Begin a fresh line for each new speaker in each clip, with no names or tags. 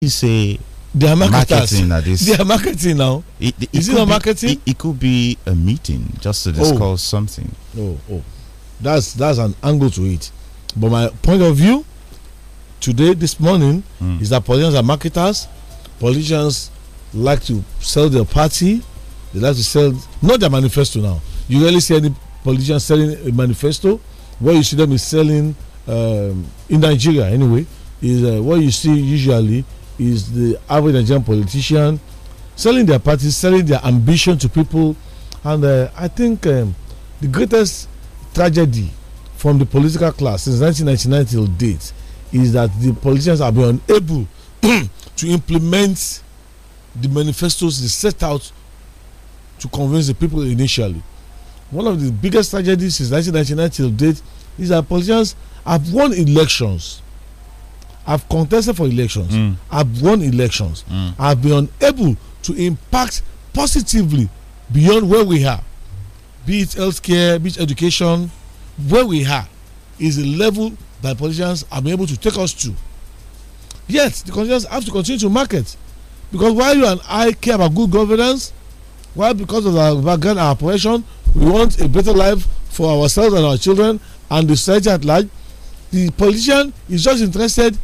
is a they are marketers. Marketing at this. They are marketing now. It, it, is it, it marketing? Be, it, could be a meeting just to oh. discuss oh.
something. Oh, oh, that's that's an angle to it. But my point of view today, this morning, mm. is that politicians are marketers. Politicians like to sell their party. They like to sell not their manifesto now. You rarely see any politician selling a manifesto. What you see them is selling um, in Nigeria anyway is uh, what you see usually is the average Nigerian politician selling their party, selling their ambition to people. And uh, I think um, the greatest tragedy from the political class since 1999 till date is that the politicians have been unable to implement the manifestos they set out to convince the people initially. One of the biggest tragedies since 1999 till date is that politicians have won elections I've contested for elections. Mm. I've won elections. Mm. I've been unable to impact positively beyond where we are, be it healthcare, be it education, where we are is the level that politicians are able to take us to. Yet the politicians have to continue to market because while you and I care about good governance, while because of our background, our profession, we want a better life for ourselves and our children and the society at large. The politician is just interested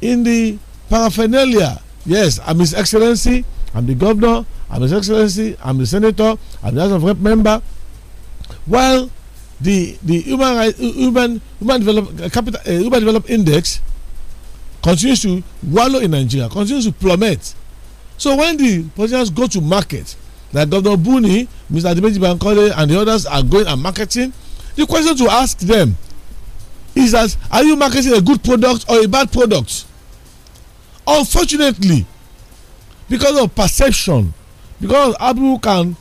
in the paraphernalia. Yes, I'm His Excellency, I'm the governor, I'm His Excellency, I'm the senator, I'm the House of Rep member. While the the human right, human human develop uh, capital uh, human development index continues to wallow in Nigeria, continues to plummet. So when the politicians go to market, like Governor Buni, Mr. Dimitri Bankole, and the others are going and marketing, the question to ask them is that are you marketing a good product or a bad product? unfortunately because of perception because abu people can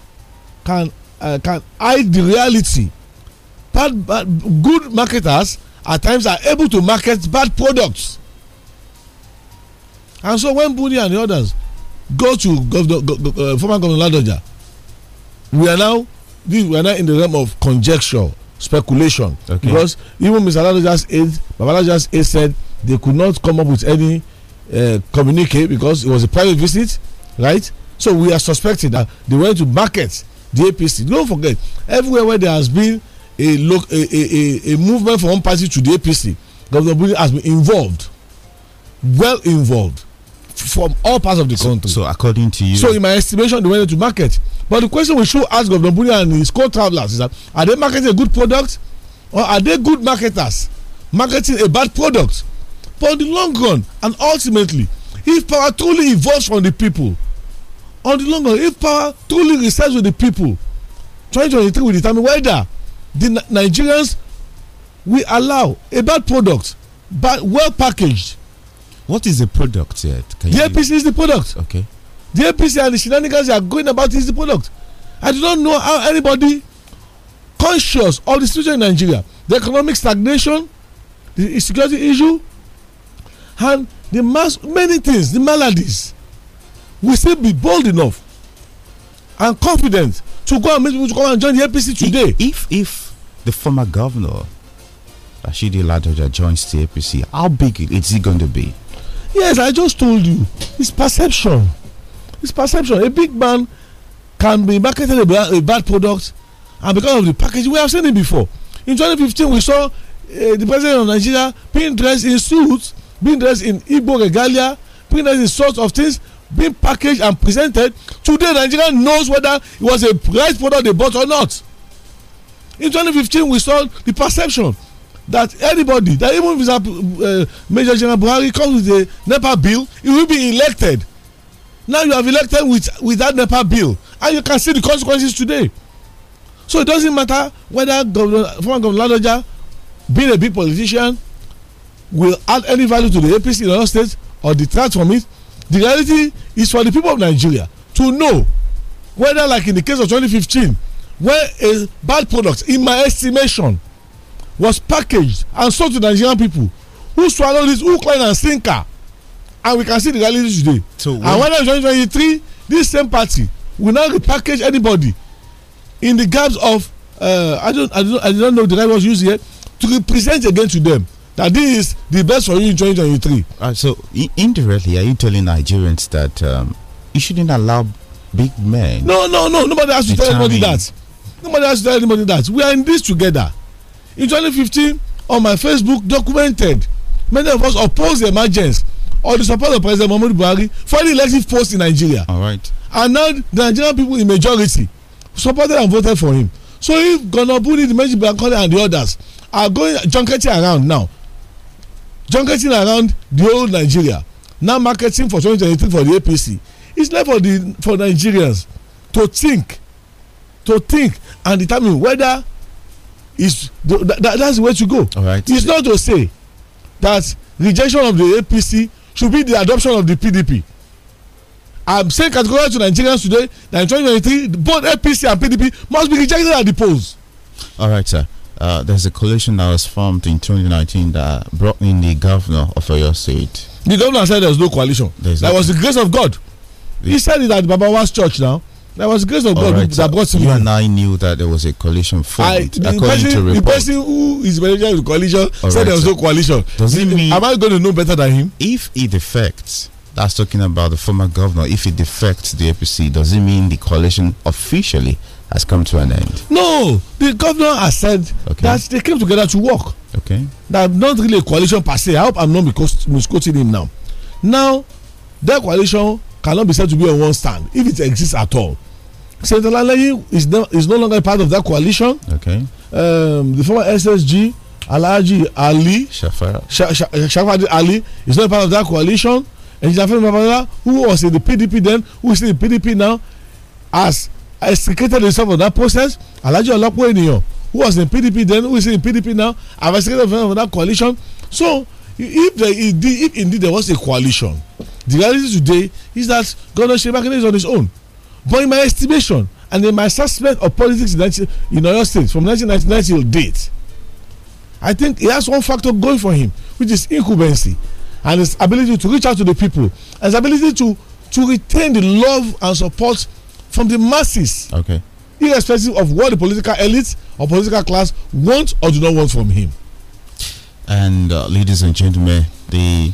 can uh, can hide the reality bad, bad good marketers at times are able to market bad products and so when Buni and the others go to governor uh, former governor Ladoja we are now we are now in the realm of conjecture speculation okay. because even Mr. Ladoja's aide Babalaja's aide said they could not come up with any uh, communicate communique because it was a private visit, right? So we are suspecting that they went to market the APC. Don't forget, everywhere where there has been a look a, a, a, a movement from one party to the APC, Governor Buni has been involved, well involved from all parts of the so, country. So according to you, so in my estimation, they went to market. But the question we should ask Governor Buni and his co-travelers is that are they marketing a good product, or are they good marketers marketing a bad product? on the long run, and ultimately, if power truly evolves from the people, on the long run, if power truly resides with the people, 2023 will determine whether the Nigerians will allow a bad product, but well packaged. What is the product yet? Can the APC is the product. Okay. The APC and the shenanigans they are going about is the product. I do not know how anybody conscious of the situation in Nigeria, the economic stagnation, the security issue, and the mass many things the maladies we still be bold enough and confident to go and meet people to come and join the apc today. if
if the former governor rashidi ladoja joins the apc how big is it going to be.
yes i just told you it's perception it's perception a big man can be marketed a, a bad product and because of the package we have seen it before in 2015 we saw uh, the president of nigeria being dressed in suits being dressed in Igbo regalia, being dressed in sorts of things being packaged and presented. Today, Nigeria knows whether it was a price product they bought or not. In 2015, we saw the perception that anybody, that even if uh, Major General Buhari comes with a NEPA bill, he will be elected. Now you have elected with, with that NEPA bill, and you can see the consequences today. So it doesn't matter whether Governor, former Governor Ladoja, being a big politician, will add any value to the APC in another state or detract from it. The reality is for the people of Nigeria to know whether, like in the case of 2015, where a bad product, in my estimation, was packaged and sold to Nigerian people who swallowed this hook, line, and sinker. And we can see the reality today. So and whether in 2023, this same party will now repackage anybody in the gaps of, uh, I, don't, I, don't, I don't know the right words used here, to represent again to them that this is the best for you in
2023. Uh, so, indirectly, are you telling Nigerians that um, you shouldn't allow big men? No, no, no. Nobody has to tell anybody that.
Nobody has to tell anybody that. We are in this together. In 2015, on my Facebook, documented, many of us opposed the emergence or the support of President Muhammadu Buhari for the elective post in Nigeria. All right. And now the Nigerian people in majority supported and voted for him. So if Gonobuni, the Major Bankole, and the others are going junketing around now, junketing around the old nigeria now marketing for 2023 for the apc it's not for the for nigerians to think to think and determine whether is that, that, that's the way to go all right it's not to say that rejection of the apc should be the adoption of the pdp i'm saying categorically to nigerians today that in 2023 both apc and pdp must be rejected at the polls all
right sir uh, there's a coalition that was formed in 2019 that brought in the governor of your State. The governor said there was no coalition. There's that no was the
grace of God. The he said it at was church now. That was grace of God right, that brought him. You and
I knew that there was a coalition formed. I, according person, to report. the
person who is managing the coalition All said right, there was no coalition. Does he mean? Am I going to
know better than him? If it defects, that's talking about the former governor. If it defects the APC, does it mean the coalition officially has come to an end?
No, the governor has said okay. that they came together to work. Okay. That not really a coalition per se. I hope I'm not misquoting him now. Now, their coalition cannot be said to be on one stand if it exists at all. Senator Lalayi is, no, is no longer part of that coalition. Okay. Um, the former SSG Alhaji Ali Shafar Ali is not part of that coalition. And Jafar Babala, who was in the PDP then, who is in the PDP now, has extricated himself from that process alhaji olapo eniyan who was in pdp then who is in pdp now have extricated himself from that coalition so if there indeed if indeed there was a coalition the reality today is that governor shebakine is on his own but in my estimation and in my assessment of politics in, 19, in Oyo State from 1999 till date I think he has one factor going for him which is incumbency and his ability to reach out to the people and his ability to to retain the love and support from the masses. Okay. Irrespective of what the political elite or political class want or do not want from him.
And uh, ladies and gentlemen, the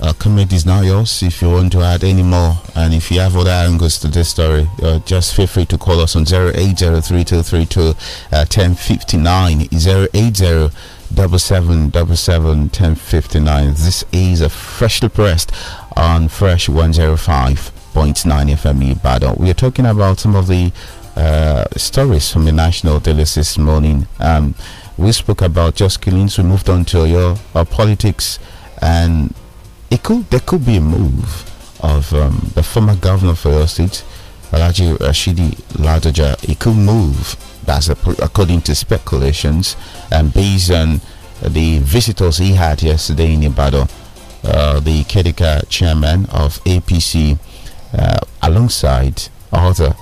uh, comment is now yours. If you want to add any more, and if you have other angles to this story, uh, just feel free to call us on 80 uh, 1059 080 double seven double seven ten fifty nine. This is a freshly pressed on Fresh One Zero Five. 101.9 FM Ibadan. We are talking about some of the uh, stories from the national Daily this morning. Um, we spoke about just killings. We moved on to your, uh, politics, and it could there could be a move of um, the former governor for your State, Alaji Rashidi Ladoja. It could move. That's according to speculations and based on the visitors he had yesterday in Ibadan. Uh, the Kedika chairman of APC uh, alongside other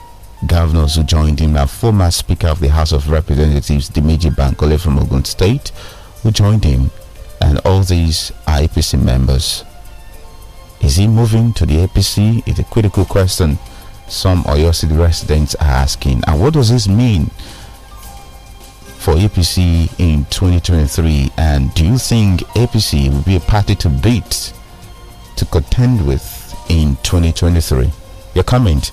governors who joined him our former Speaker of the House of Representatives, Dimeji Bankole from Ogun State, who joined him, and all these APC members. Is he moving to the APC? Is a critical question some Oyo City residents are asking. And what does this mean for APC in 2023? And do you think APC will be a party to beat, to contend with in 2023. Your comment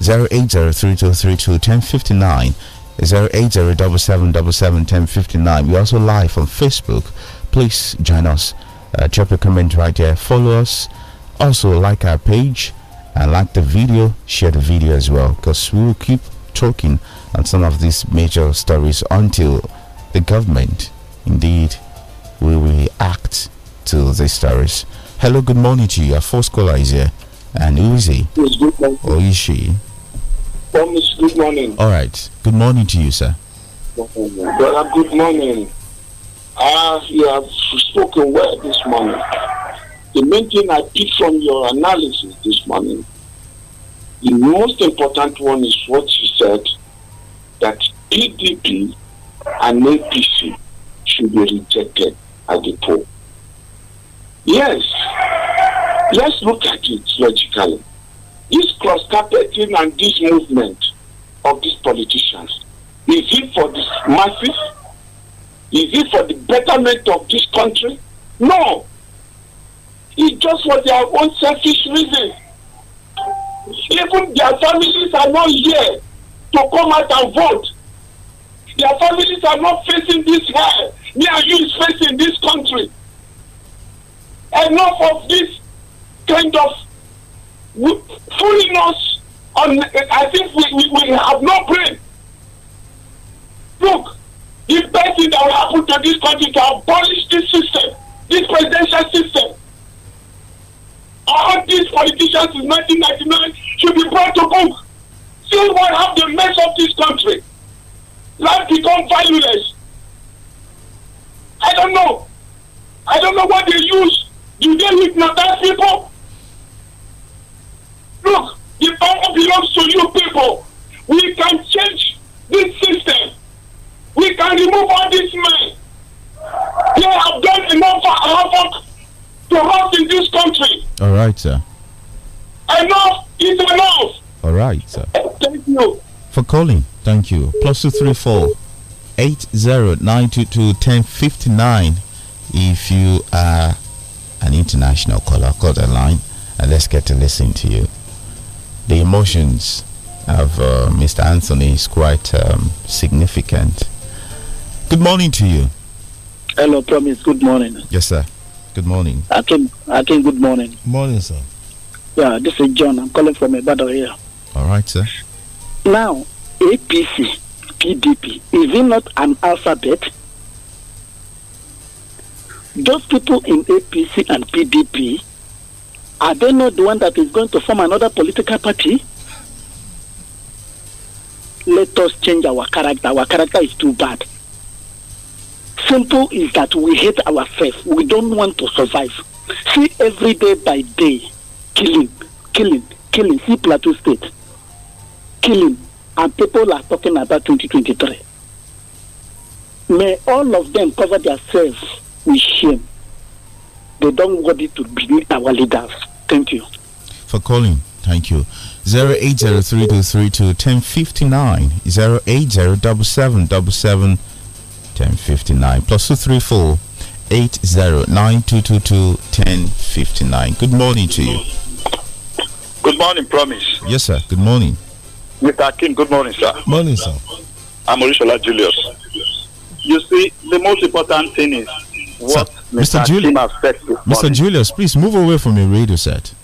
08032321059 08077771059. We're also live on Facebook. Please join us. Uh, drop your comment right there. Follow us. Also like our page and like the video. Share the video as well because we will keep talking on some of these major stories until the government indeed will react to these stories. Hello, good morning to you. Our first caller is here. And who is he?
Yes, good morning.
Or is she?
Oh, miss, good morning.
All right. Good morning to you, sir.
Brother, good morning. Uh, you have spoken well this morning. The main thing I took from your analysis this morning, the most important one is what you said that PDP and APC should be rejected at the poll. Yes. Let's look at it logically. This cross carpeting and this movement of these politicians, is it for the
masses? Is it for the betterment of this country? No. It's just for their own selfish reasons. Even their families are not here to come out and vote. Their families are not facing this hell. Me and you is facing this country enough of this kind of fooling us on i think we, we, we have no brain look the best thing that will happen to this country to abolish this system this presidential system all these politicians in 1999 should be brought to book see what have the mess of this country life become valueless i don't know i don't know what they use you don't that, people. Look, the power belongs to you people. We can change this system. We can remove all these men. They have done enough havoc to us in this country.
All right, sir.
Enough is enough.
All right, sir. Thank you. For calling, thank you. Plus two three four eight zero nine two two ten fifty nine. If you are an international caller called the line and let's get to listen to you. The emotions of uh, Mr. Anthony is quite um, significant. Good morning to you.
Hello, Promise. Good morning.
Yes, sir. Good morning.
I think, I think good morning. Morning, sir. Yeah, this is John. I'm calling from Ibadan here. All right, sir. Now, APC, PDP, is it not an alphabet? those people in APC and PDP, are they not the one that is going to form another political party? Let us change our character. Our character is too bad. Simple is that we hate ourselves. We don't want to survive. See every day by day, killing, killing, killing. See Plateau State, killing, and people are talking about 2023. May all of them cover themselves with shame. They don't want it to be our leaders. Thank you.
For calling. Thank you. 08032321059 08077771059 plus Good morning to you. Good morning, Promise. Yes, sir. Good morning.
Mr. Akin. good morning, sir. Morning, sir. I'm Orishola Julius. You see, the most important thing is what Mr. Mr.
Julius, please move away from your radio set.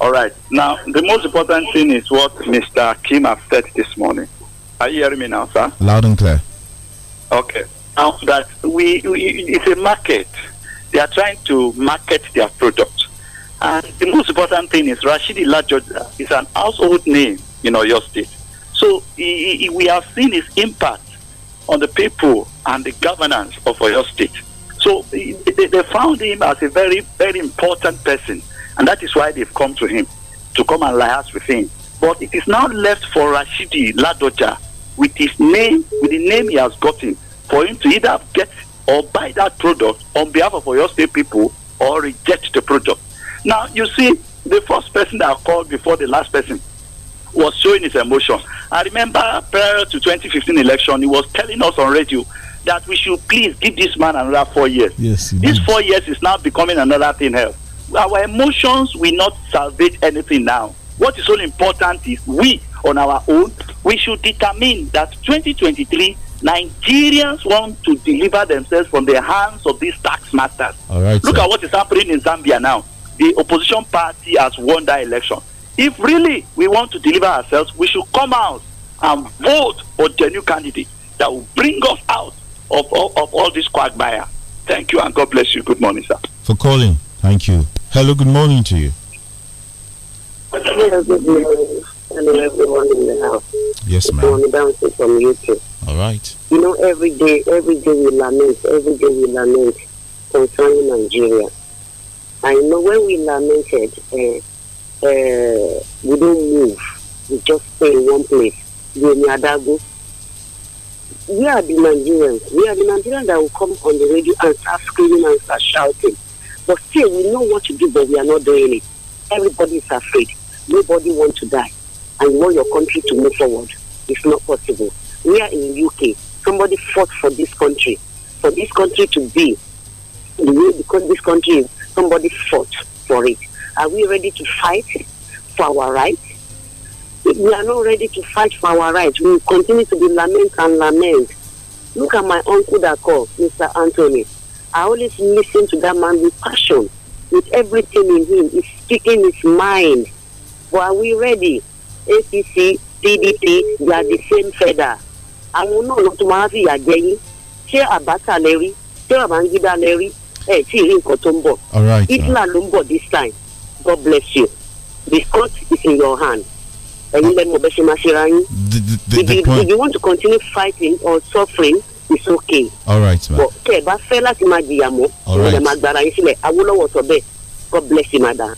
All right. Now, the most important thing is what Mr. Kim has said this morning. Are you hearing me now, sir? Loud and clear. Okay. Now that we, we it's a market. They are trying to market their product. And the most important thing is Rashidi Lajoda is an household name in our state. So he, he, we have seen his impact on the people and the governance of our state. So they, found him as a very, very important person. And that is why they've come to him to come and liaise with him. But it is now left for Rashidi Ladoja with his name, with the name he has gotten, for him to either get or buy that product on behalf of our State people or reject the product. Now, you see, the first person that I called before the last person was showing his emotion. I remember prior to 2015 election, he was telling us on radio that we should please give this man another four years. Yes, this four years is now becoming another thing else. Our emotions will not salvage anything now. What is so important is we, on our own, we should determine that 2023 Nigerians want to deliver themselves from the hands of these tax masters. All right. Look sir. at what is happening in Zambia now. The opposition party has won that election. If really we want to deliver ourselves, we should come out and vote for the new candidate that will bring us out of, of, of all this quagmire. Thank you and God bless you. Good morning, sir.
For calling. Thank you. Hello, good morning to you.
Hello, good morning.
Hello, everyone in the house. Yes, ma'am. from YouTube. All right. You know, every day, every day we lament, every day we lament concerning Nigeria. I know when we lamented, uh, uh, we don't move. We just stay in one place. Yemi Adago, we are the Nigerians. We are the Nigerians that will come on the radio and start screaming and start shouting. But still, we know what to do, but we are not doing it. Everybody is afraid. Nobody wants to die. And you want your country to move forward. It's not possible. We are in UK. Somebody fought for this country, for this country to be the way because this country is. Somebody fought for it. Are we ready to fight for our rights? we are not ready to fight for our rights, we will continue to be lament and lament. Look at my uncle that called, Mr. Anthony. I always listen to that man with passion, with everything in him. He's speaking his mind. But are we ready? APC, PDP, we are the same feather. I will ló tún máa fi ìyà jẹ yín. Ṣé Àbáta Larry. Share Ṣé Babangida lẹ rí? Ẹ tí ì rí nǹkan tó
ń
this time. God bless you. The court is in your hand. Did, did, if, you want to continue fighting or suffering, it's okay.
All right, man. But
tẹ́ ẹ bá fẹ́ láti máa jìyà mọ́, ìwọ lè máa gbára yín sílẹ̀. Awólọ́wọ̀ sọ bẹ́ẹ̀. God bless you, madam.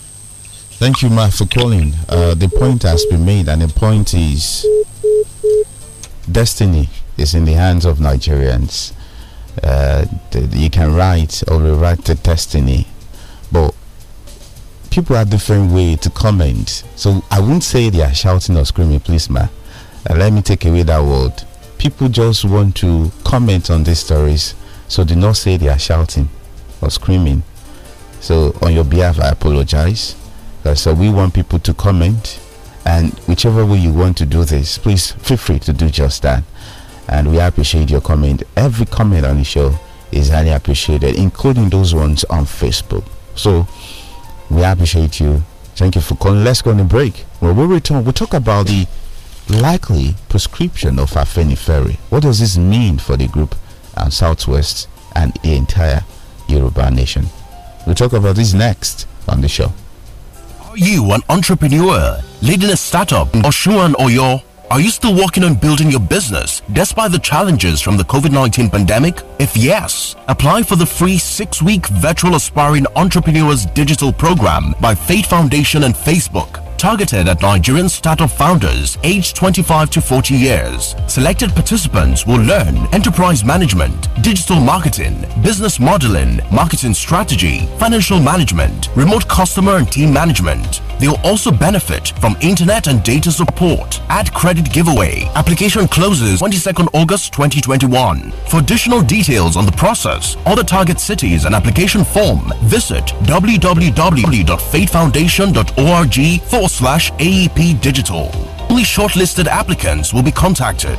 Thank you, ma, for calling. Uh, the point has been made, and the point is destiny is in the hands of Nigerians. Uh, you can write or rewrite the destiny, but people have different way to comment. So I won't say they are shouting or screaming, please, ma. Uh, let me take away that word. People just want to comment on these stories, so do not say they are shouting or screaming. So on your behalf, I apologize. Uh, so we want people to comment, and whichever way you want to do this, please feel free to do just that. And we appreciate your comment. Every comment on the show is highly appreciated, including those ones on Facebook. So we appreciate you. Thank you for calling. Let's go on a break. When we return, we'll talk about the likely prescription of Afeni Ferry. What does this mean for the group and Southwest and the entire Yoruba nation? We'll talk about this next on the show.
Are you an entrepreneur leading a startup or Shuan or your are you still working on building your business despite the challenges from the COVID 19 pandemic? If yes, apply for the free six week virtual aspiring entrepreneurs digital program by Fate Foundation and Facebook targeted at Nigerian startup founders aged 25 to 40 years. Selected participants will learn enterprise management, digital marketing, business modeling, marketing strategy, financial management, remote customer and team management, They'll also benefit from internet and data support. Ad credit giveaway. Application closes 22nd August 2021. For additional details on the process, other target cities and application form, visit www.fatefoundation.org forward slash AEP Digital. Only shortlisted applicants will be contacted.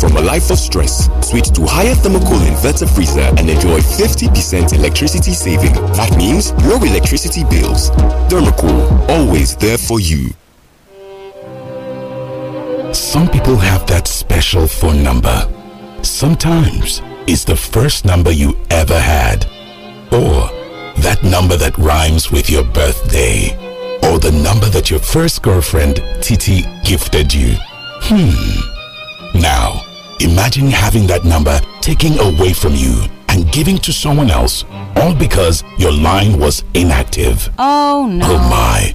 from a life of stress. Switch to higher thermocool inverter freezer and enjoy 50% electricity saving. That means low electricity bills. Thermocool, always there for you. Some people have that special phone number. Sometimes it's the first number you ever had. Or that number that rhymes with your birthday. Or the number that your first girlfriend, Titi, gifted you. Hmm. Now, imagine having that number taken away from you and giving to someone else, all because your line was inactive.
Oh no.
Oh my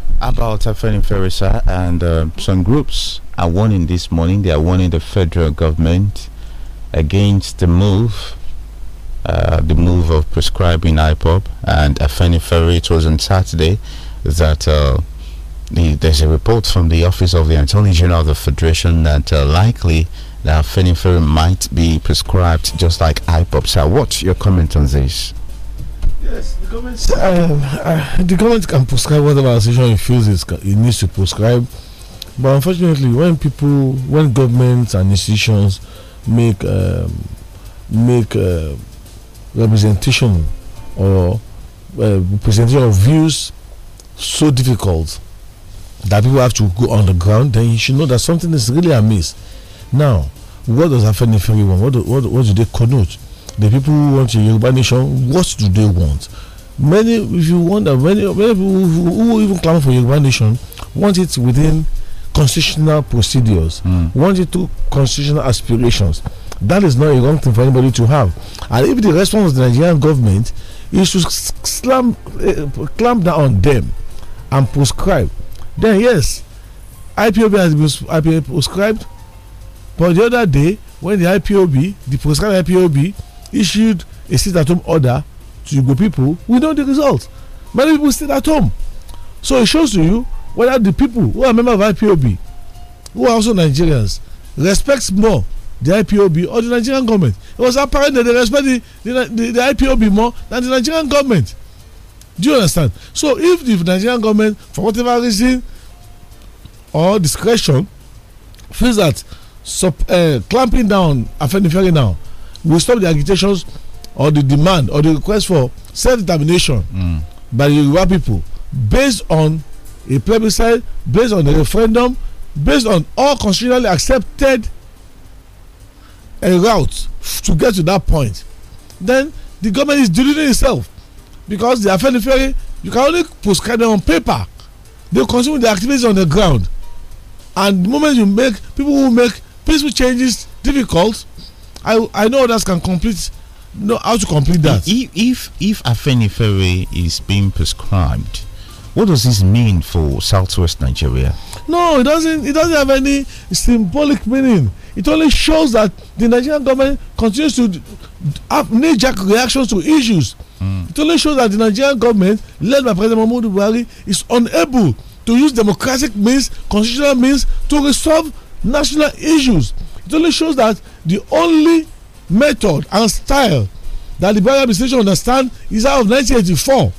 about Afeni Ferisa and uh, some groups are warning this morning. They are warning the federal government against the move, uh, the move of prescribing IPOP. And Afeni Ferry, it was on Saturday that uh, the, there's a report from the Office of the Attorney General of the Federation that uh, likely that Afeni Ferry might be prescribed just like IPOP. So, what's your comment
on this? Yes, the government. Um, uh, the government can prescribe whatever association it feels it needs to prescribe, but unfortunately, when people, when governments and institutions make um, make uh, representation or uh, presentation of views so difficult that people have to go on the ground, then you should know that something is really amiss. Now, what does Afenifere want? What do, what, what do they connote? the people who want a Yoruba nation, what do they want? Many, if you wonder, many, many people who, who even clamor for Yoruba nation want it within constitutional procedures, mm. want it to constitutional aspirations. That is not a wrong thing for anybody to have. And if the response of the Nigerian government is to slam, uh, clamp down on them and prescribe, then yes, IPOB has been IPOB prescribed. But the other day, when the IPOB, the prescribed IPOB, issued a sit at home order to Igbo people, we know the results. Many people stayed at home. So it shows to you whether the people who are members of IPOB, who are also Nigerians, respects more the IPOB or the Nigerian government. It was apparent that they respect the, the, the, the IPOB more than the Nigerian government. Do you understand? So if the Nigerian government, for whatever reason or discretion, feels that sub, uh, eh, clamping down Afenifere now we stop the agitations or the demand or the request for self-determination mm. by the Yoruba people based on a plebiscite, based on a referendum, based on all constitutionally accepted eh, routes to get to that point. Then the government is deluding itself because the very. you can only prescribe them on paper. They consume the activities on the ground. And the moment you make people who make peaceful changes difficult, I I know others can complete. No, how to complete that? If
if if Afenifere is being prescribed, what does this mean for Southwest Nigeria?
No, it doesn't. It doesn't have any symbolic meaning. It only shows that the Nigerian government continues to have knee-jerk reactions to issues. Mm. It only shows that the Nigerian government, led by President Mahmoud Buhari, is unable to use democratic means, constitutional means, to resolve national issues it only shows that the only method and style that the Buhari administration understand is that of 1984,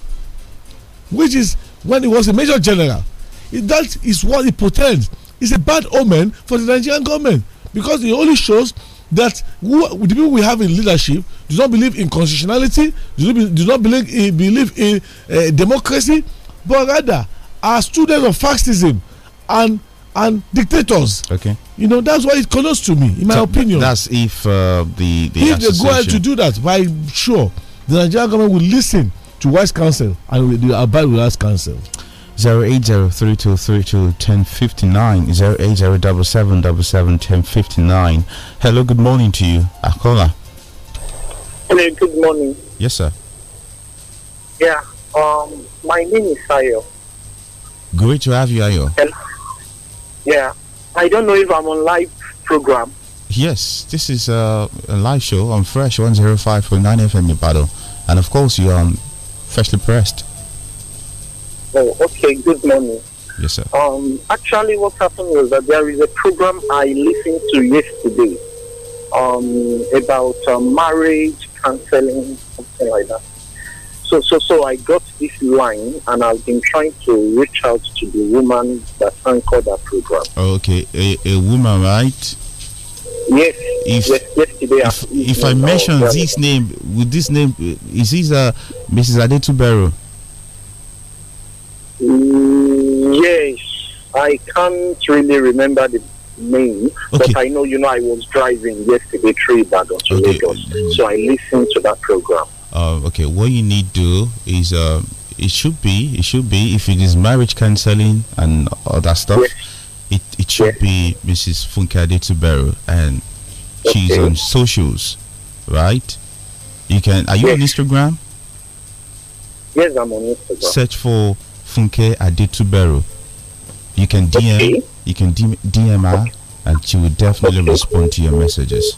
which is when he was a major general. That is what it pretends. It's a bad omen for the Nigerian government because it only shows that who, the people we have in leadership do not believe in constitutionality, do not, do not believe in, eh, believe in uh, democracy, but rather are students of fascism and and dictators. Okay. You know, that's why it comes to me, in my so opinion. That's if uh, the, the If they go ahead to do that, by sure, the Nigerian government will listen to wise counsel and they will abide with wise counsel.
08032321059 08077771059 Hello, good morning to you, Akola.
Hello,
good morning. Yes, sir. Yeah, um, my name is Ayo.
Great to have you, Ayo.
Hello. Yeah. I don't know if I'm on live
program. Yes, this is a, uh, a live show on Fresh 105.9 FM in Battle. And of course, you are um, freshly pressed.
Oh,
okay. Good morning. Yes, sir. Um, actually, what happened was that there is a program I listened to yesterday um, about uh, marriage, counseling, something like that so so so I got this line and I've been trying to reach out to the woman that anchored that program.
Okay, a, a woman, right?
Yes. If yes, yesterday if, I, if I mention this
name, with this name, is this uh, Mrs. Adetubero?
Mm, yes, I can't really remember the name, okay. but I know you know I was driving yesterday through Ibadan to okay. Lagos, so I listened to that program
uh, okay, what you need to do is uh, it should be it should be if it is marriage counseling and other stuff, it it should be Mrs. Funke Adetuberu and okay. she's on socials, right? You can are you yes. on Instagram?
Yes, I'm on Instagram.
Search for Funke Adetuberu. You can DM okay. you can DM, DM her and she will definitely respond to your messages.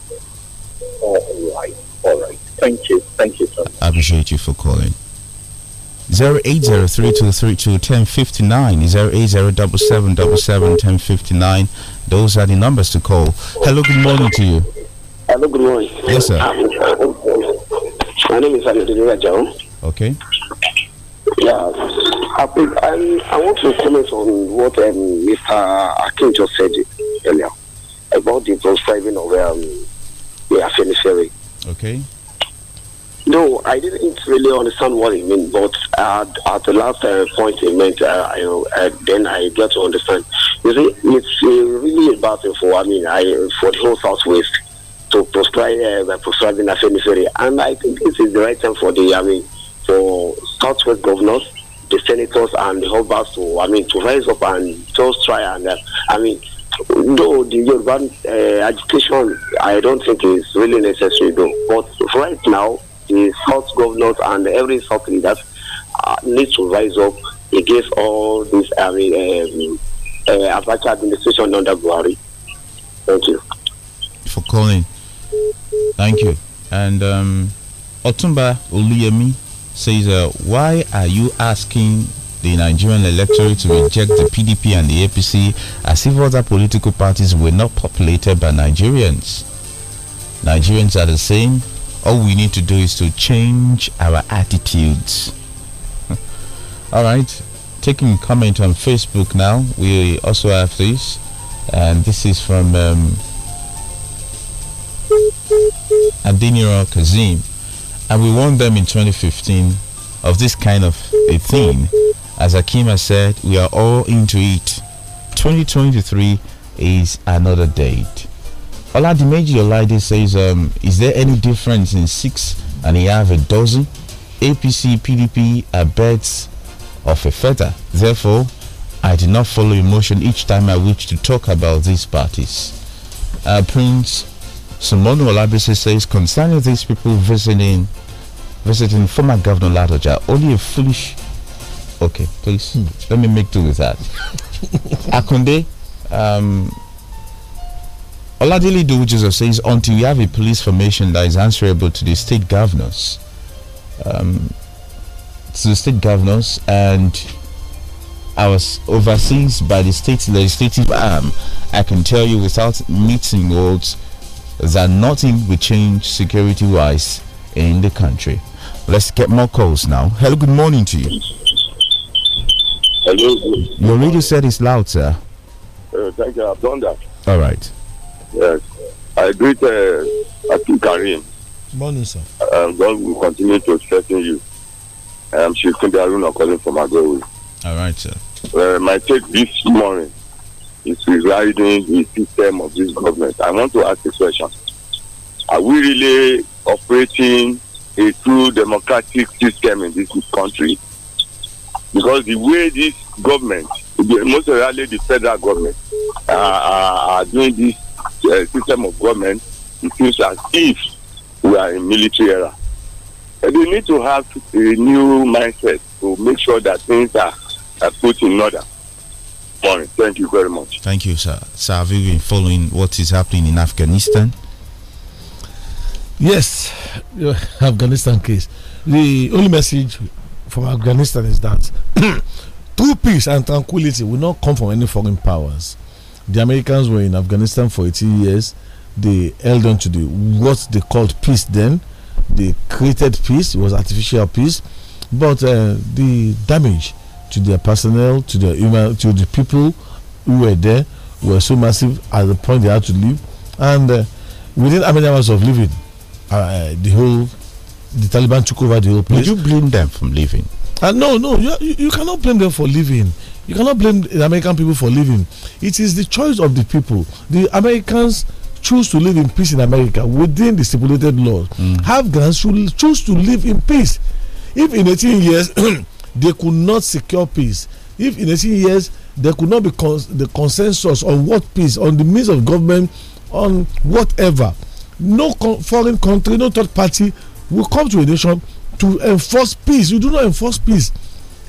Thank you. Thank you, sir. I appreciate you for calling. 08032321059 Those are the numbers to call. Hello, good morning to you. Hello, good morning. Yes, sir.
My name is Anadidura John. Okay. Yeah, I, I, I, want to comment on what um, Mr. Akin just said earlier about the proscribing of um, the Afenifere. Okay. No, I didn't really understand what he meant, but uh, at the last uh, point he meant, uh, I, uh, then I got to understand. You see, it's uh, really a battle for, I mean, I, for the whole Southwest to prescribe uh, by a cemetery. And I think this is the right time for the, I mean, for Southwest governors, the senators, and the whole to, I mean, to rise up and just try and, I mean, though the urban agitation, I don't think is really necessary though. But right now, the South governors and every South leaders uh, need to rise up against all this I um, um, uh, Abacha administration under Buhari.
Thank you. For calling. Thank you. And um, Otumba Oluyemi says, uh, Why are you asking the Nigerian electorate to reject the PDP and the APC as if other political parties were not populated by Nigerians? Nigerians are the same all we need to do is to change our attitudes. All right, taking comment on Facebook now. We also have this, and this is from um, Adinira Kazim. And we warned them in 2015 of this kind of a thing. As Akima said, we are all into it. 2023 is another date. Oladimeji Olaide says, um, is there any difference in six and you have a dozen? APC, PDP are beds of a feather. Therefore, I did not follow emotion each time I wish to talk about these parties. Uh, Prince Simon Olabisi says, concerning these people visiting visiting former Governor Ladoja, only a foolish... Okay, please, hmm. let me make do with that. Akunde, um, Oladili what Jesus says, until we have a police formation that is answerable to the state governors, um, to the state governors and I was overseen by the state legislative arm, I can tell you without meeting odds that nothing will change security wise in the country. Let's get more calls now. Hello, good morning to you. Hello. Your radio set is loud, sir.
Uh, thank you. I've done that. All right. Yes. Uh, I greet uh, Akim Karim. Morning, sir. I'm God will continue to strengthen you. I'm um, Shifting Daruna calling from Agogo. All right, sir. Uh, my take this morning is regarding the system of this government. I want to ask a question. Are we really operating a true democratic system in this country? Because the way this government, most of the federal government, uh, uh are doing this uh, system of government, it feels as if we are in military era. And we need to have a new mindset to make sure that things are, are put in order. Morning. Thank you very much.
Thank you, sir. Sir, have you been following what is happening in Afghanistan?
Yes,
Afghanistan case. The only message from Afghanistan is that true peace and tranquility will not come from any foreign powers the Americans were in Afghanistan for 18 years. They held on to the what they called peace then. They created peace. It was artificial peace, but uh, the damage to their personnel, to the human, to the people who were there were so massive at the point they had to leave. And uh, within how many hours of leaving, uh, uh the whole the Taliban took over the whole place. Would you blame them for leaving? Uh, no, no, you, you cannot blame them for leaving. You cannot blame the American people for leaving. It is the choice of the people. The Americans choose to live in peace in America within the stipulated laws. Mm. Afghans should choose to live in peace. If in 18 years they could not secure peace, if in 18 years there could not be cons the consensus on what peace, on the means of government, on whatever, no foreign country, no third party will come to a nation to enforce peace. You do not enforce peace.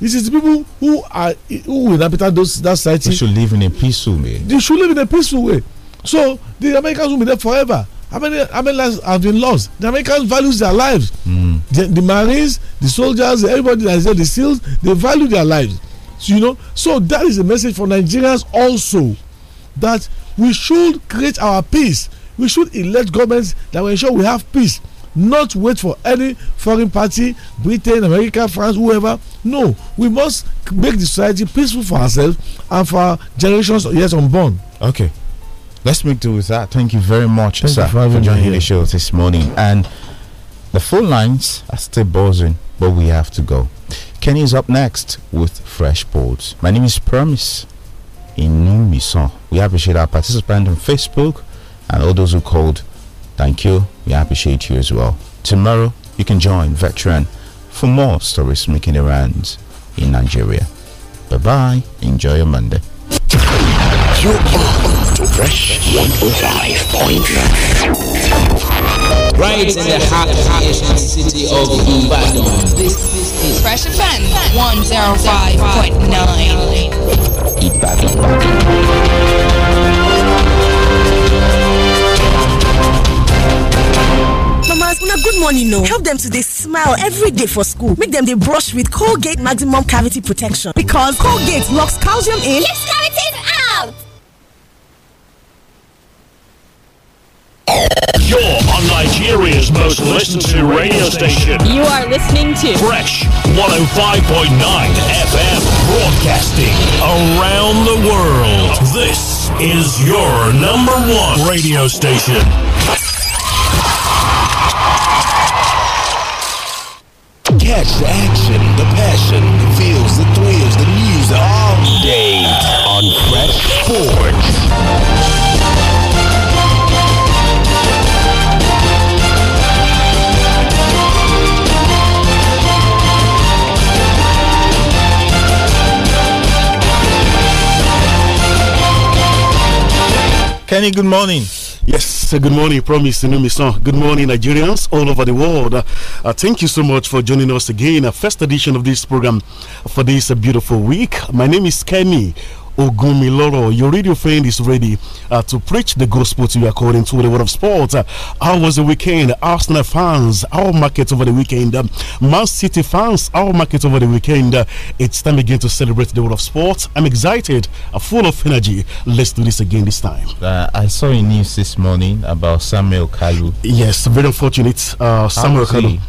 It is the people who are who inhabited those that site. They
should live in a peaceful way.
They should live in a peaceful way. So the Americans will be there forever. How many how many lives have been lost? The Americans values their lives. Mm. The, the, Marines, the soldiers, everybody that is there, the SEALs, they value their lives. So, you know, so that is a message for Nigerians also that we should create our peace. We should elect governments that will ensure we have peace not wait for any foreign party, Britain, America, France, whoever. No, we must make the society peaceful for ourselves and for our generations yet unborn.
Okay. Let's make do with that. Thank you very much, Thank sir, for, for joining the show this morning. And the phone lines are still buzzing, but we have to go. Kenny is up next with Fresh Polls. My name is Promise Inumison. We appreciate our participants on Facebook and all those who called Thank you. We appreciate you as well. Tomorrow, you can join Veteran for more stories making the rounds in Nigeria. Bye bye. Enjoy your Monday. You are to Fresh
105.9. Right in the heart of the city of Ibadan. This
is Fresh Offense 105.9. Ibadan. Teachers, una good morning, no. Help them to they
smile every day for school. Make them they brush with Colgate Maximum Cavity Protection because Colgate
locks calcium in. Keeps cavities out.
You're on Nigeria's most listened to radio station. You are listening to Fresh 105.9 FM broadcasting around the world. This is your number one radio station. catch the action, the passion, the feels, the thrills, the news all day on Fresh Sports.
Kenny, good morning. Yes, Yes, good morning, Promise Inumison. Good morning, Nigerians all over the world. Uh, uh, thank you so much for joining us again. A uh, first edition of this program for this uh, beautiful week. My name is Kenny Ogumiloro. Your radio friend is ready uh, to preach the gospel to you according to the word of sport. Uh, how was the weekend? Arsenal fans, our market over the weekend. Um, Man City fans, our market over the weekend. Uh, it's time again to celebrate the world of sport. I'm excited, uh, full of energy. Let's do this again this time. Uh, I saw a news
this morning about Samuel Kalu. Yes, very
unfortunate. Uh, Samuel Kalu.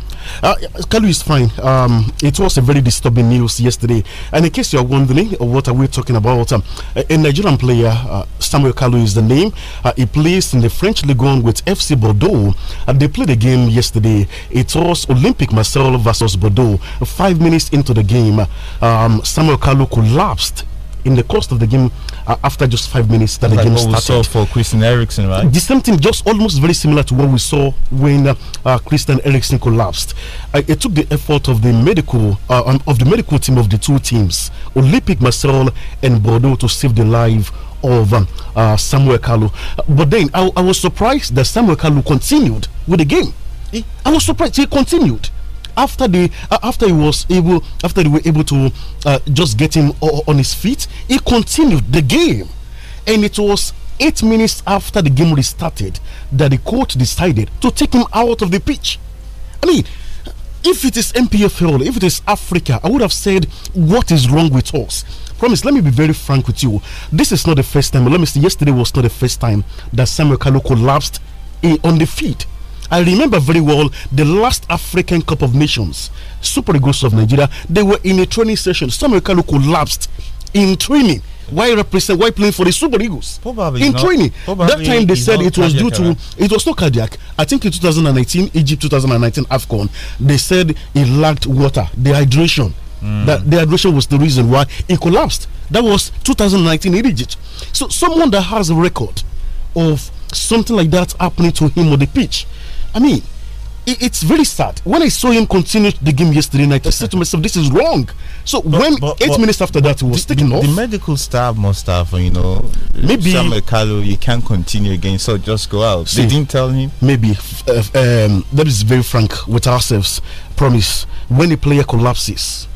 Uh, Kalu is fine. Um, it was a very disturbing news yesterday. And in case you're wondering, uh, what are we talking about? Um, a Nigerian player, uh, Samuel Kalu is the name. Uh, he plays in the French Ligue 1 with FC Bordeaux. And uh, they played a game yesterday. It was Olympic Marcel versus Bordeaux. Five minutes into the game, um, Samuel Kalu collapsed in the course of the game uh, after just five minutes that the game what started. We saw
for Christian Eriksen, right?
The same thing, just almost very similar to what we saw when uh, uh, Christian Eriksen collapsed. it took the effort of the medical uh, um, of the medical team of the two teams, Olympic Marcel and Bordeaux, to save the life of um, uh, Samuel Kalu. But then I, I was surprised that Samuel Kalu continued with the game. I was surprised he continued after the uh, after he was able after they were able to uh, just get him on his feet, he continued the game, and it was eight minutes after the game restarted that the court decided to take him out of the pitch. I mean, if it is MPFL, if it is Africa, I would have said, what is wrong with us? Promise, let me be very frank with you. This is not the first time. Let me see, yesterday was not the first time that Samuel Kalu collapsed eh, on the feet. I remember very well the last African Cup of Nations, Super Eagles of Nigeria. They were in a training session. Samuel Kalu collapsed in training. Why represent? Why playing for the Super Eagles? Probably in not, training. Probably that time they said it was due to it was not cardiac. I think in 2019 Egypt 2019 Afcon they said he lacked water, dehydration. Mm. That dehydration was the reason why he collapsed. That was 2019 in Egypt. So someone that has a record of something like that happening to him on the pitch I mean, it, it's very sad. When I saw him continue the game yesterday night, I said to myself, "This is wrong." So but, when but, eight but minutes after that, he was the, taken the, off. The medical staff must have, you know, maybe Sam Kalu, you can't continue again, so
just go out. See, they
didn't tell him. Maybe uh, um, that is very frank with ourselves. Promise when a player collapses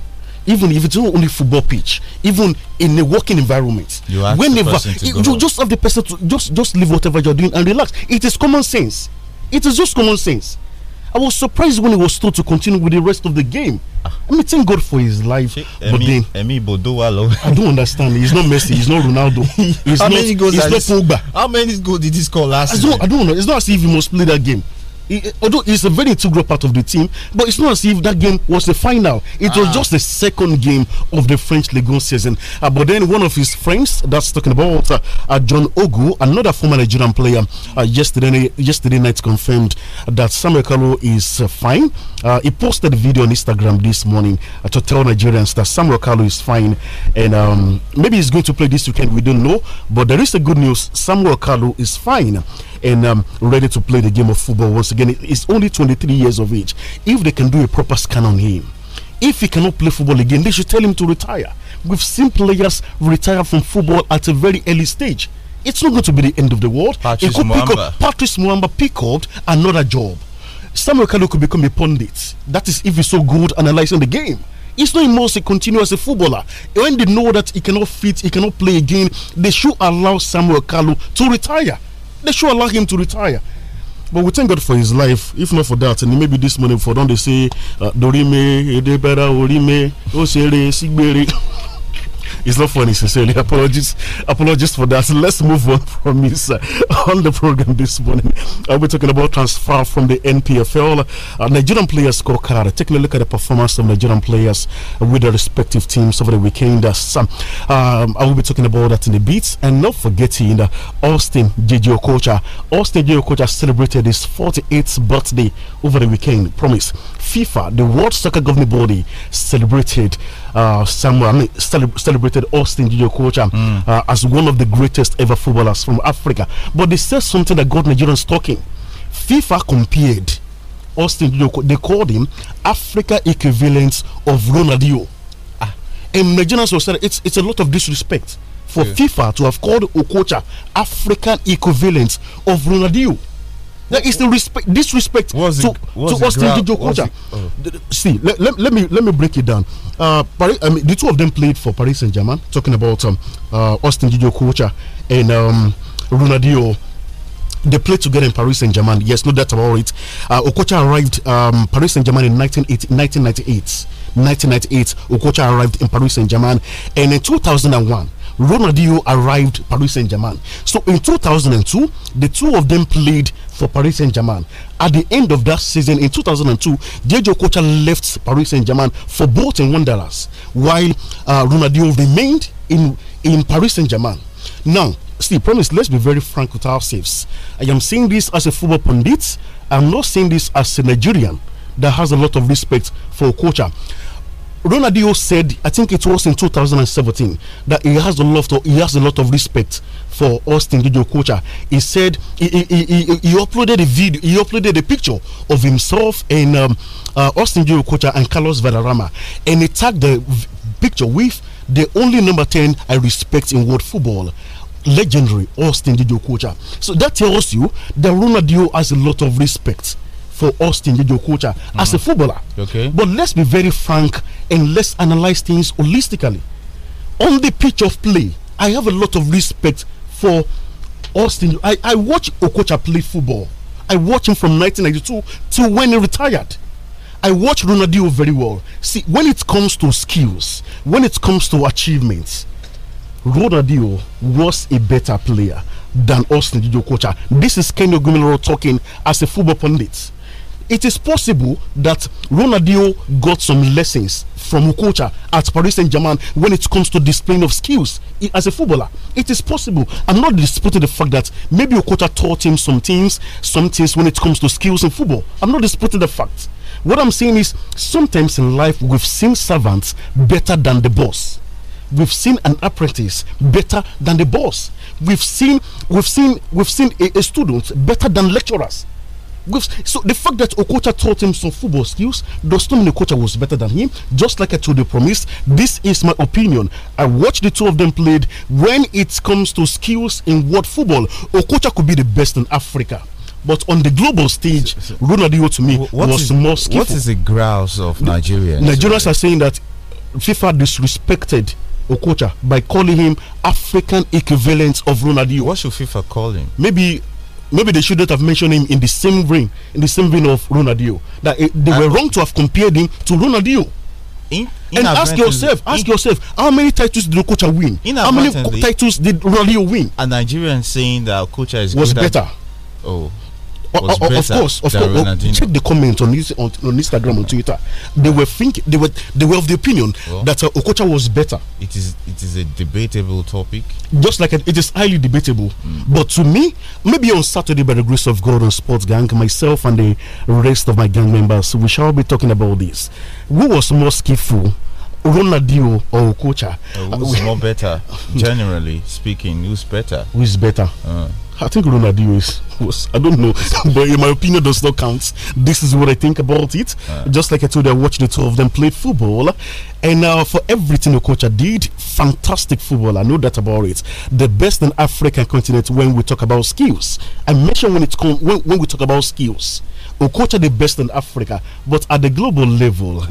even if it's only football pitch, even in a working environment, you whenever you, you just have the person to just just leave whatever you're doing and relax. It is common sense. It is just common sense. I was surprised when he was told to continue with the rest of the game. I mean, thank God for his life. She, but then,
Emi Bodo I don't
understand. He's not Messi. He's not Ronaldo. He's how not, many goals? He's not Pogba. How many goals did he score last? I don't, I don't know. It's not as if he must play that game although he's a very integral part of the team, but it's not as if that game was the final. It ah. was just the second game of the French League season. Uh, but then one of his friends, that's talking about uh, uh John Ogu, another former Nigerian player, uh, yesterday yesterday night confirmed that Samuel Kalu is uh, fine. he posted a video on Instagram this morning to tell Nigerians that Samuel Kalu is fine and um, maybe he's going to play this weekend. We don't know, but there is the good news: Samuel Kalu is fine and um, ready to play the game of football once again again, he's only 23 years of age. If they can do a proper scan on him, if he cannot play football again, they should tell him to retire. We've seen players retire from football at a very early stage. It's not going to be the end of the world. Patrice Mwamba. Patrice Mwamba pick up another job. Samuel Kalu could become a pundit. That is if he's so good analyzing the game. It's not enough to continue as a footballer. When they know that he cannot fit, he cannot play again, they should allow Samuel Kalu to retire. They should allow him to retire but we thank God for his life. If not for that, and maybe this morning for don't they say uh, Dorime, Edebera, Orime, Osere, Sigbere. It's not funny, sincerely. Apologies, apologies for that. Let's move on from this uh, on the program this morning. Uh, will be talking about transfer from the NPFL. Uh, Nigerian players scorecard. Taking a look at the performance of Nigerian players with their respective teams over the weekend. Uh, um, I will be talking about that in a bit. And not forgetting uh, Austin JJ Okocha. Austin JJ Okocha celebrated his 48th birthday over the weekend. Promise. FIFA, the World Soccer Governing Body, celebrated uh, Samuel, I mean, celebrated Austin Gio Kocha mm. uh, as one of the greatest ever footballers from Africa. But they said something that got Nigerians talking. FIFA compared Austin Gio, they called him Africa equivalent of Ronaldinho. Ah. And Nigerians were saying it's, it's a lot of disrespect for yeah. FIFA to have called Okocha African equivalent of Ronaldinho. Like it's the respect, disrespect to, to what's Joe culture. Oh. See, let, let, let, me let me break it down. Uh, Paris, I mean, the two of them played for Paris Saint Germain. Talking about um, uh, Austin Joe culture and um, Ronaldinho they played together in Paris Saint Germain. Yes, no doubt about it. Uh, Okocha arrived um, Paris Saint Germain in 1998. 1998, Okocha arrived in Paris Saint Germain, and in 2001. Ronaldinho arrived Paris Saint Germain. So in 2002, the two of them played for Paris Saint Germain. At the end of that season in 2002, Diego Costa left Paris Saint Germain for Bolton Wanderers, while uh, Ronaldinho remained in, in Paris Saint Germain. Now, see, promise, let's be very frank with ourselves. I am saying this as a football pundit, I'm not saying this as a Nigerian that has a lot of respect for Kocha. Ronaldo said, I think it was in 2017, that he has a lot of he has a lot of respect for Austin Gideon Kocha. He said he, he, he, he, uploaded a video, he uploaded a picture of himself and um, uh, Austin Gideon Kocha and Carlos Rama, and he tagged the picture with the only number 10 I respect in world football legendary Austin Didio Kocha. So that tells you that Ronaldo has a lot of respect for Austin Jojo Kocha mm. as a mm. footballer. Okay. But let's be very frank and let's analyze things holistically. On the pitch of play, I have a lot of respect for Austin. I, I watch Okocha play football. I watched him from 1992 till when he retired. I watch Ronaldinho very well. See, when it comes to skills, when it comes to achievements, Ronaldinho was a better player than Austin Jojo Kocha. This is Kenny Ogumiloro talking as a football pundit it is possible that Ronaldo got some lessons from Okocha at Paris Saint Germain when it comes to displaying of skills as a footballer. It is possible. I'm not disputing the fact that maybe Okocha taught him some things, some things when it comes to skills in football. I'm not disputing the fact. What I'm saying is sometimes in life we've seen servants better than the boss. We've seen an apprentice better than the boss. We've seen we've seen we've seen a, a student better than lecturers so the fact that Okocha taught him some football skills does not mean Okocha was better than him. Just like I told you, promise. This is my opinion. I watched the two of them played. When it comes to skills in world football, Okocha could be the best in Africa. But on the global stage, Ronaldo Ronaldinho to me what was is, more skillful. What is the
grouse of Nigerians? Nigerians
are saying that FIFA disrespected Okocha by calling him African equivalent of Ronaldinho. What should FIFA call him? Maybe maybe they shouldn't have mentioned him in the same vein, in the same vein of Ronaldinho. That uh, they were wrong to have compared him to Ronaldinho. In, and ask yourself, ask in, yourself, how many titles did Okocha win? How many titles did Ronaldinho win?
A Nigerian saying that Okocha is was better. oh, was of course, of than course. Ronaldinho. Check
the comments on, on, Instagram and Twitter. They were thinking they were they were of the opinion well, that uh, Okocha was better. It is
it is a debatable topic.
Just like it is highly debatable. Mm. But to me, maybe on Saturday by the grace of God on Sports Gang, myself and the rest of my gang members, we shall be talking about this. Who was more skillful? Ronaldinho or Okocha?
Uh, who's more better? Generally speaking, who's better? Who's
better? Uh. I think Ronaldinho is, was, I don't know, but in my opinion, does not count. This is what I think about it. Uh. Just like I told you, I watched the two of them play football. And uh, for everything Okocha did, fantastic football. I know that about it. The best in African continent when we talk about skills. I mentioned when, it come, when, when we talk about skills, Okocha the best in Africa, but at the global level,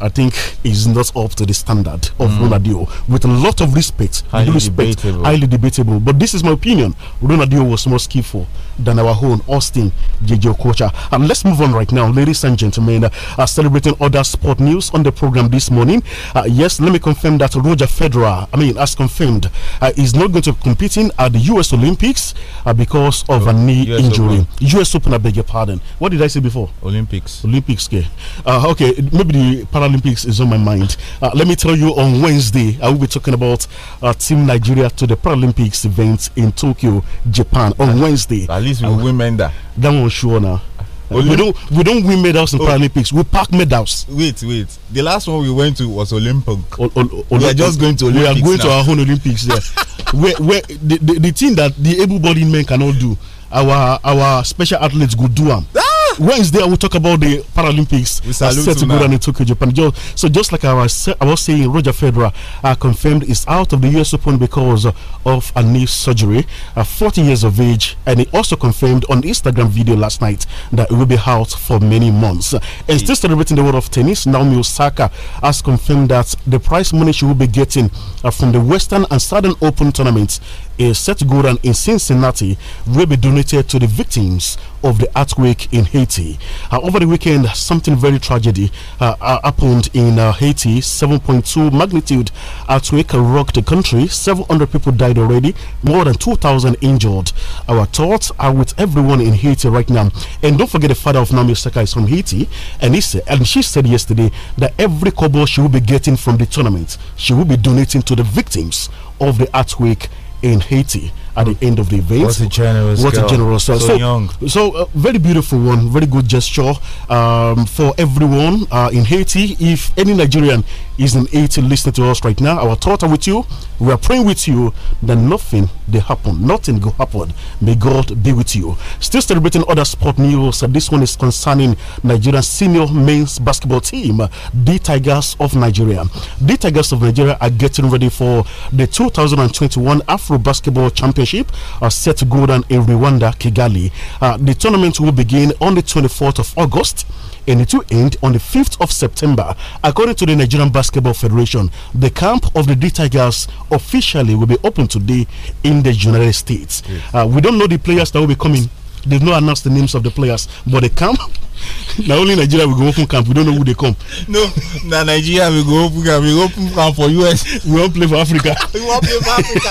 I think is not up to the standard of mm. Ronaldinho. With a lot of respect, highly respect, debatable. highly debatable. But this is my opinion. Ronaldinho was more skillful than our own Austin JJ Okocha. And let's move on right now, ladies and gentlemen. Uh, celebrating other sport news on the program this morning. Uh, yes, let me confirm that Roger Federer, I mean, as confirmed, uh, is not going to be competing at the U.S. Olympics uh, because of oh, a knee US injury. Open. U.S. Open, I beg your pardon. What did I say before? Olympics. Olympics, okay. Uh, okay, maybe the Paralympics is on my mind. Uh, let me tell you, on Wednesday, I will be talking about uh, Team Nigeria to the Paralympics event in Tokyo, Japan. On Wednesday. At least we uh, win that. That one sure now. Uh, we don't we don't win medals in oh. Paralympics. We pack medals. Wait, wait. The last one we went to was Olympic. we are just going to Olympics. We are going now. to our own Olympics there. where where the, the, the, thing that the able bodied men cannot do, our our special athletes go do them. Ah! Wednesday, I will talk about the Paralympics. We set to go down in Tokyo, Japan. so just like I was, I was saying, Roger Federer uh, confirmed is out of the U.S. Open because of a knee surgery, uh, 40 years of age, and he also confirmed on Instagram video last night that he will be out for many months. And still celebrating the world of tennis, Naomi Osaka has confirmed that the prize money she will be getting uh, from the Western and Southern Open tournaments a set to go in Cincinnati will be donated to the victims of the earthquake in Haiti. Uh, over the weekend, something very tragedy uh, uh happened in uh, Haiti. 7.2 magnitude earthquake rocked the country. 700 people died already, more than 2,000 injured. Our thoughts are with everyone in Haiti right now. And don't forget the father of Nami Osaka is from Haiti. And, he said, and she said yesterday that every kobo she will be getting from the tournament, she will be donating to the victims of the earthquake in Haiti at the end of the event. What a generous What girl. a generous So, so young. So, uh, very beautiful one. Very good gesture um, for everyone uh, in Haiti. If any Nigerian is in 80 listening to us right now. Our thoughts are with you. We are praying with you that nothing they happen, nothing will happen. May God be with you. Still celebrating other sport news. Uh, this one is concerning Nigerian senior men's basketball team, the Tigers of Nigeria. The Tigers of Nigeria are getting ready for the 2021 Afro Basketball Championship are uh, set to go down in Rwanda, Kigali. Uh, the tournament will begin on the 24th of August and it will end on the 5th of September. According to the Nigerian Basketball Federation, the camp of the D Tigers officially will be open today in the United States. Yes. Uh, we don't know the players that will be coming. They've not announced the names of the players, but the camp na only nigeria we go open camp we don't know who dey come. no na nigeria we go open camp we go open camp for us. we wan play for africa. we wan play for africa.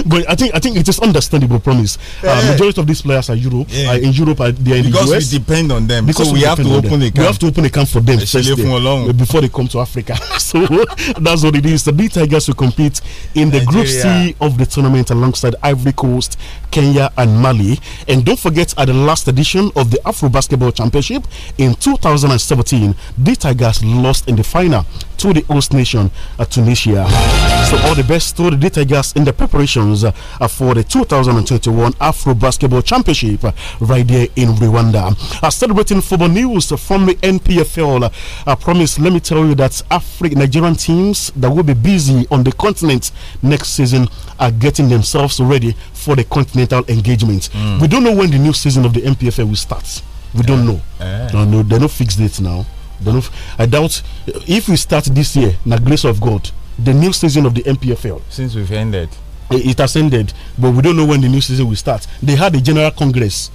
but i think i think it is understandable promise. Yeah. Uh, eh. majority of these players are europe. Yeah. Are in europe they are in because the us. because we depend on them. because so we, we have to open a camp. we have to open a camp for them first along eh, before they come to africa. so that's what it is the b tigers will compete in the group c of the tournament alongside ivory coast kenya and mali and don't forget at the last edition of the afro basketball Championship. In 2017, the Tigers lost in the final to the host nation, uh, Tunisia. So, all the best to the Tigers in the preparations uh, for the 2021 Afro Basketball Championship uh, right there in Rwanda. Uh, celebrating football news from the NPFL. Uh, I promise, let me tell you that African Nigerian teams that will be busy on the continent next season are getting themselves ready for the continental engagement. Mm. We don't know when the new season of the NPFL will start. We don't know. Uh, no, they not fixed it now. They I doubt if we start this year, na grace of God, the new season of the MPFL. Since we've ended. it has ended, but we don't know when the new season will start. They had a general congress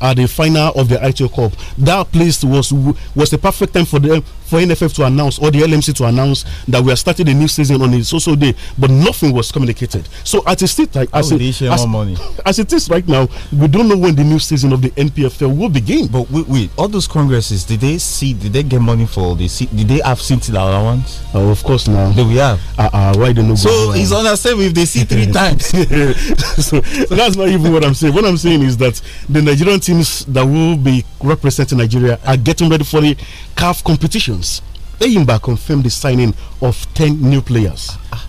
at the final of the ITO Cup. That place was was the perfect time for the for NFF to announce or the LMC to announce that we are starting a new season on a social day, but nothing was communicated. So at a state like as, oh, it, as, as, it is right now, we don't know when the new season of the NPFL will begin. But wait, wait all those congresses, did they see? Did they get money for the? Did they have seat allowance? Oh, of course now. Do we have? Uh, uh, why don't know? So it's on the same if they see three times. so that's not even what I'm saying. What I'm saying is that the Nigerian teams that will be representing Nigeria are getting ready for the CAF competitions. Eyimba confirmed the signing of 10 new players. Ah, ah.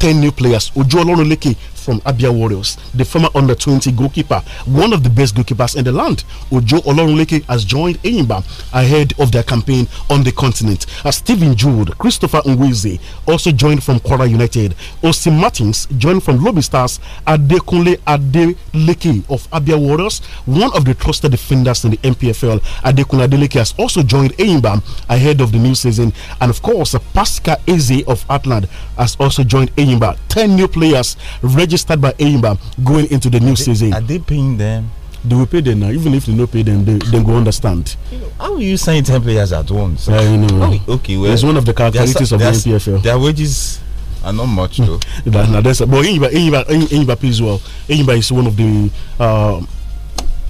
10 new players. Ojo Olorunleke from Abia Warriors, the former under 20 goalkeeper, one of the best goalkeepers in the land, Ojo Olorunleke, has joined Enyimba ahead of their campaign on the continent. As Stephen Jude, Christopher Ngwizi also joined from Kwara United. Osi Martins joined from Lobby Stars, Adekunle Adeleke of Abia Warriors, one of the trusted defenders in the MPFL. Adekunle Adeleke has also joined Enyimba ahead of the new season. And of course, Pascal Eze of Atland has also joined Enyimba. 10 new players registered registered by AIMBA going into the new are season. are they paying them? They will pay them now. Even if they don't pay them, they, they go understand. You know, how will you sign 10 players at once? I you know. Oh, okay, well. It's one of the characteristics of the NPFL. Their wages are not much though. no, that's, but Enyimba, Enyimba, Enyimba pays well. Enyimba is one of the uh,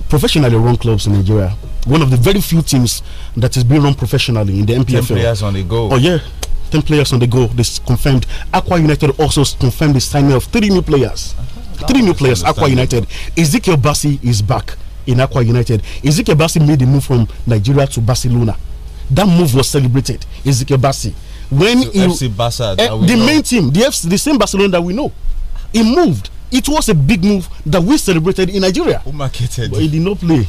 professionally run clubs in Nigeria. One of the very few teams that is being run professionally in the MPFL. Ten players on the go. Oh yeah, 10 players on the go. This confirmed. Aqua United also confirmed the signing of three new players. three new players. Aqua United. Ezekiel Bassi is back in Aqua United. Ezekiel Bassi made the move from Nigeria to Barcelona. That move was celebrated. Ezekiel Bassi. When so he, FC Barca, uh, eh, the know. main team, the FC, the same Barcelona that we know, he moved. It was a big move that we celebrated in Nigeria. Who marketed? But he did not play.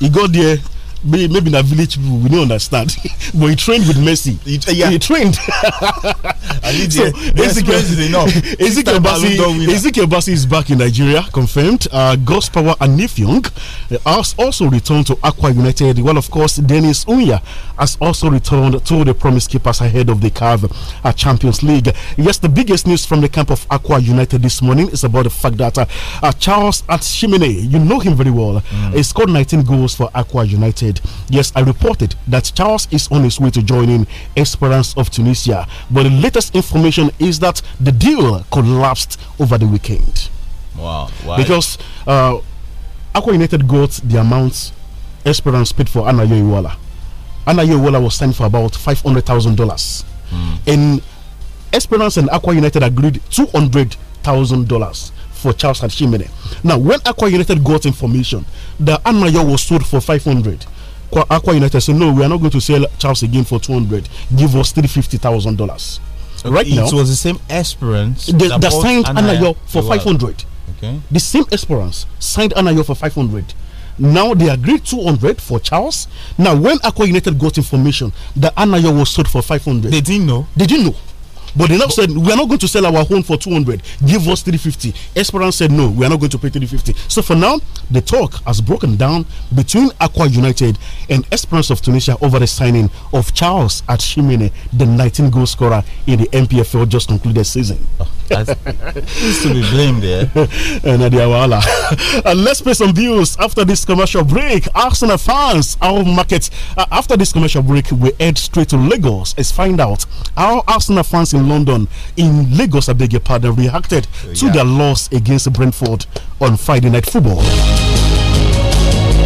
He got there maybe in a village we don't understand but he trained with Messi he, yeah. he trained so Ezekiel Ezekiel Bassi ah. Ezekiel Bassi is back in Nigeria confirmed uh, Gospawa and Nifyong uh, has also returned to Aqua United well of course Dennis Unya has also returned to the promise keepers ahead of the CAV uh, Champions League yes the biggest news from the camp of Aqua United this morning is about the fact that uh, uh, Charles Atshimene you know him very well mm. he scored 19 goals for Aqua United reported, yes, I reported that Charles is on his way to joining Esperance of Tunisia. But the latest information is that the deal collapsed over the weekend.
Wow. Why? Because
uh, Aqua United got the amount Esperance paid for Anayo Iwala. Anayo Iwala was signed for about $500,000. Hmm. And Esperance and Aqua United agreed $200,000 for Charles Hashimene. Now, when Aqua United got information that Anayo was sold for 500, Aqua, United said, no, we are not going to sell Charles again for 200. Give us $350,000. Okay, right now, it was the same Esperance. They, that signed Anayo for 500. Okay. The same Esperance signed Anayo for 500. Now they agreed 200 for Charles. Now, when Aqua United got information that Anayo was sold for 500, they didn't know. They didn't know. But they now said, we are not going to sell our home for 200. Give us 350. Esperance said, no, we are not going to pay 350. So for now, the talk has broken down between Aqua United and Esperance of Tunisia over the signing of Charles Atshimene, the 19 goal scorer in the MPFL just concluded season. Oh. He's to be blamed there. Eh? Eh, and Nadia Wala. and uh, let's play some views after this commercial break. Arsenal fans, our market. Uh, after this commercial break, we head straight to Lagos. Let's find out how Arsenal fans in London, in Lagos, I beg your pardon, reacted yeah. to their loss against Brentford on Friday Night Football.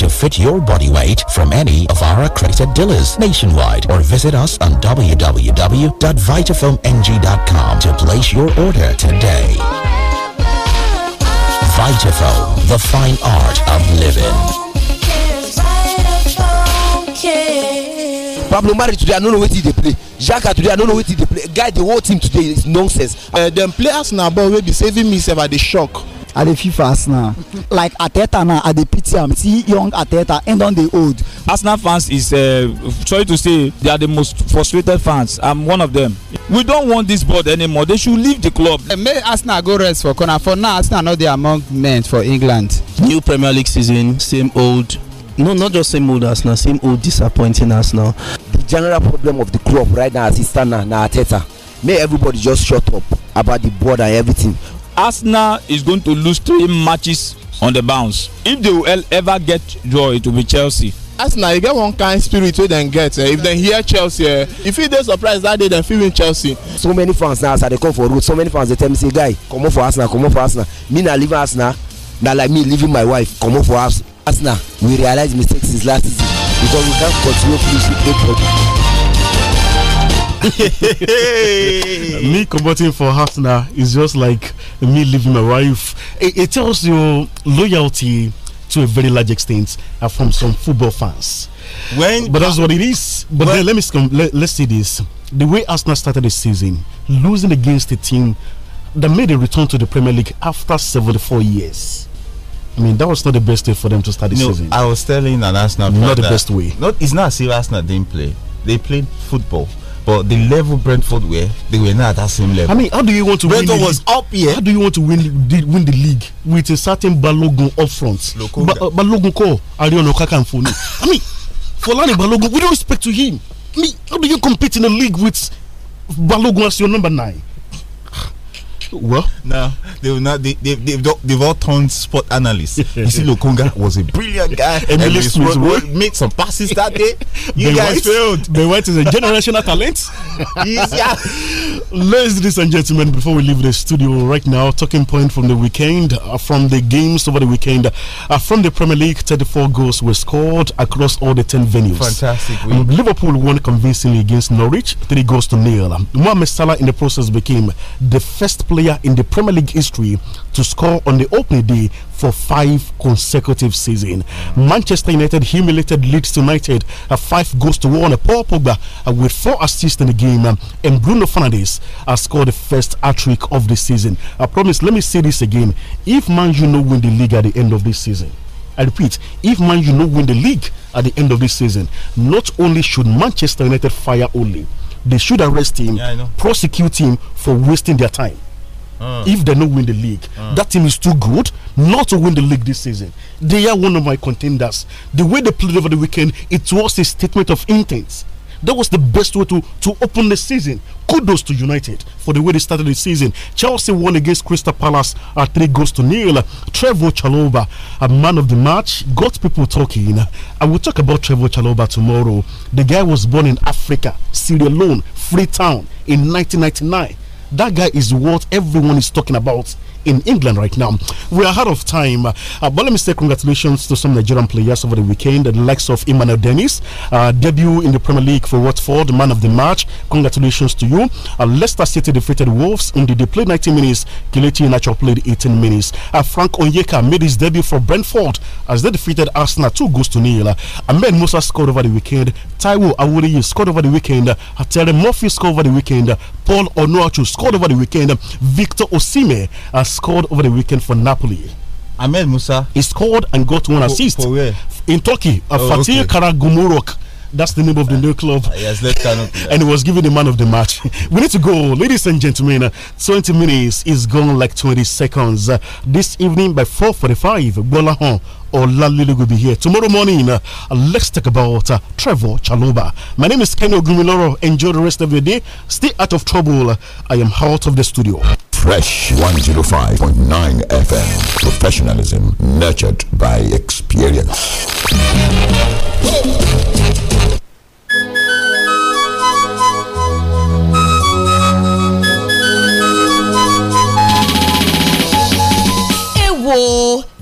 to fit your body weight from any of our accredited dealers nationwide or visit us on www.vitafilmng.com to place your order today. Vitafilm, the fine art of living.
Pablo Mari today, I don't know what he they play. Jacka today, I don't know what he they play. Guy, the whole team today is nonsense. Uh, them players now, but will be saving me, sef, by the shock.
I dey feel for Arsenal. Like Ateta now, I dey pity am. See
young Ateta end on the old. Arsenal fans is uh, sorry to say they are the most
frustrated fans. I'm one of them. We don't want this board anymore. They should leave the club. Uh, may Arsenal go rest for corner. For now, Arsenal no dey among men for England. New Premier League season, same old
no not just same old Arsenal same old disappointing Arsenal. the general problem of the club right now as e stand now ateta. May everybody just shut up about the board and everything
Arsenal is going to lose three matches on the bounce. If they will ever get draw, it will be Chelsea.
arsenal you get one kind spirit wey dem get eh if dem hear chelsea eh they fit dey surprised that day dem fit win chelsea. so many fans now as i dey come for road so many fans dey tell me say guy
comot for arsenal comot for arsenal me na leaving arsenal na like me leaving my wife comot for arsenal
we realize mistakes since last season because we can't continue to play play football. me competing for Hafna is just like me leaving my wife. It, it tells your loyalty to a very large extent uh, from some football fans. When, but that's what it is. But then let me let, us see this: the way Arsenal started the season, losing against a team that made a return to the Premier League after 74 years. I mean, that was not the best way for them to start the no, season.
I was telling an Arsenal not the best way. Not, it's not as if Arsenal didn't play. They played football. But the level Brentford were, they were not at that same level. I mean, how do you want to Brentford win? Brentford was up here. How
do you want to win the, win the league with a certain Balogun up front? Ba uh, Balogun call Ariel Okakamfoni. I mean, Folani Balogun, with respect to him, I mean, how do you compete in a league with Balogun as your number nine? Well, no, they will not. They, they, they've, they've all turned sport analysts. You see, Lokonga was a brilliant guy. Emily Smith made some passes that day. You ben guys White, failed. Ben White is a generational talent. Yes, Ladies and gentlemen, before we leave the studio right now, talking point from the weekend, uh, from the games over the weekend, uh, from the Premier League, 34 goals were scored across all the 10 venues. Fantastic. Um, Liverpool won convincingly against Norwich, three goals to nil. Mohamed Salah, in the process, became the first player player in the Premier League history to score on the opening day for five consecutive seasons. Manchester United humiliated Leeds United A uh, five goals to one. Paul Pogba uh, with four assists in the game, um, and Bruno Fernandes has scored the first hat trick of the season. I promise. Let me say this again: If Man United win the league at the end of this season. I repeat, if Man United win the league at the end of this season, not only should Manchester United fire only, they should arrest him, yeah, prosecute him for wasting their time. If they don't win the league, that team is too good not to win the league this season. They are one of my contenders. The way they played over the weekend, it was a statement of intent. That was the best way to, to open the season. Kudos to United for the way they started the season. Chelsea won against Crystal Palace at three goals to nil. Trevor Chalova a man of the match, got people talking. I will talk about Trevor Chalova tomorrow. The guy was born in Africa, Sierra Leone, Freetown in 1999 that guy is what everyone is talking about in England right now. We are out of time, uh, but let me say congratulations to some Nigerian players over the weekend, the likes of Emmanuel Dennis, uh, debut in the Premier League for Watford, man of the match. Congratulations to you. Uh, Leicester City defeated Wolves in the they 19 90 minutes. Kelechi Natcho played 18 minutes. Uh, Frank Onyeka made his debut for Brentford as they defeated Arsenal 2 goals to nil. Uh, Ahmed Musa scored over the weekend. Taiwo Awuriyi scored over the weekend. Uh, Terry Murphy scored over the weekend. Paul Onuachu scored over the weekend. Victor Osime uh, scored over the weekend for Napoli. Ahmed Musa. He scored and got one assist. For where? In Turkey, uh, oh, Fatih okay. Karagumurok. That's the name of the new club. Ah, yes, let's And he was given the man of the match. we need to go, ladies and gentlemen. 20 minutes is gone like 20 seconds. Uh, this evening by 4:45, Bolahon Olalilu will be here. Tomorrow morning, uh, let's talk about uh, Trevor Chaloba. My name is Kenny Ogumiloro. Enjoy the rest of your day. Stay out of trouble. I am out of the studio.
Fresh 105.9 FM. Professionalism nurtured by experience.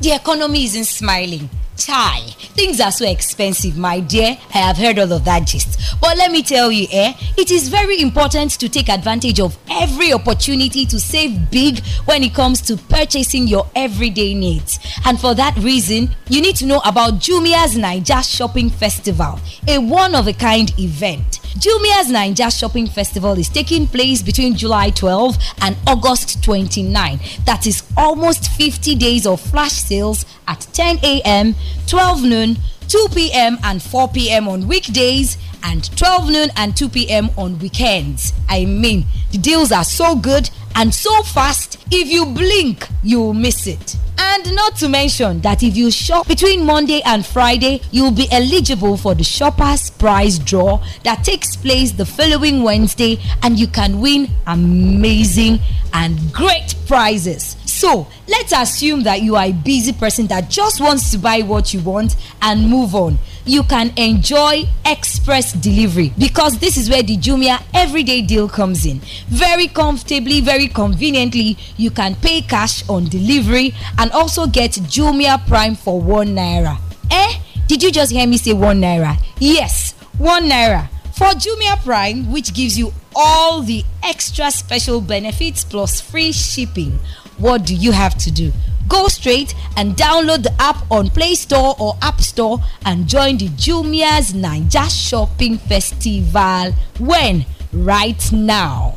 The economy isn't smiling. Chai, things are so expensive, my dear. I have heard all of that gist. But let me tell you, eh, it is very important to take advantage of every opportunity to save big when it comes to purchasing your everyday needs. And for that reason, you need to know about Jumia's Niger Shopping Festival, a one of a kind event. Jumia's Ninja Shopping Festival is taking place between July 12 and August 29. That is almost 50 days of flash sales at 10 a.m., 12 noon, 2 p.m., and 4 p.m. on weekdays and 12 noon and 2 p.m. on weekends. I mean, the deals are so good and so fast, if you blink, you'll miss it. And not to mention that if you shop between Monday and Friday, you'll be eligible for the Shoppers Prize Draw that takes place the following Wednesday, and you can win amazing and great prizes. So let's assume that you are a busy person that just wants to buy what you want and move on you can enjoy express delivery because this is where the Jumia everyday deal comes in. Very comfortably, very conveniently, you can pay cash on delivery and also get Jumia Prime for 1 naira. Eh? Did you just hear me say 1 naira? Yes, 1 naira. For Jumia Prime, which gives you all the extra special benefits plus free shipping what do you have to do? Go straight and download the app on Play Store or App Store and join the Jumia's Ninja Shopping Festival. When? Right now.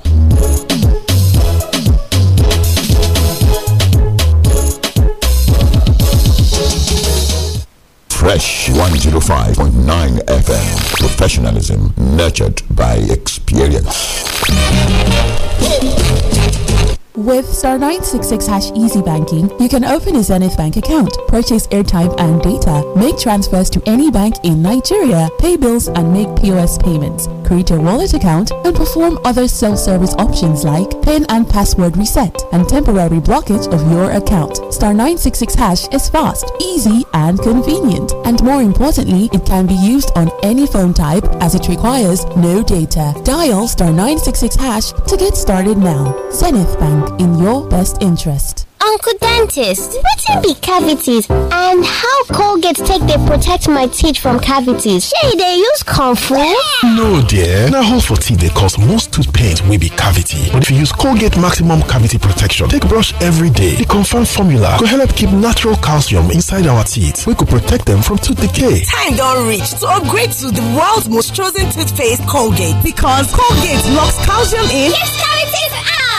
Fresh 105.9 FM. Professionalism nurtured by
experience.
With star 966 hash easy banking, you can open a Zenith Bank account, purchase airtime and data, make transfers to any bank in Nigeria, pay bills and make POS payments, create a wallet account and perform other self-service options like PIN and password reset and temporary blockage of your account. Star 966 hash is fast, easy and convenient. And more importantly, it can be used on any phone type as it requires no data. Dial star 966 hash to get started now. Zenith Bank in your best
interest. uncle dentist What can be cavities and how colgate take they protect my teeth from cavities shey they use comfort?
no dear Now, hole for teeth they cause most tooth pain will be cavity but if you use colgate maximum cavity protection take brush every day the confirm formula go help keep natural calcium inside our teeth We could protect them from tooth decay
time don't reach to upgrade to the world's most chosen tooth face colgate because colgate locks calcium in yes cavities out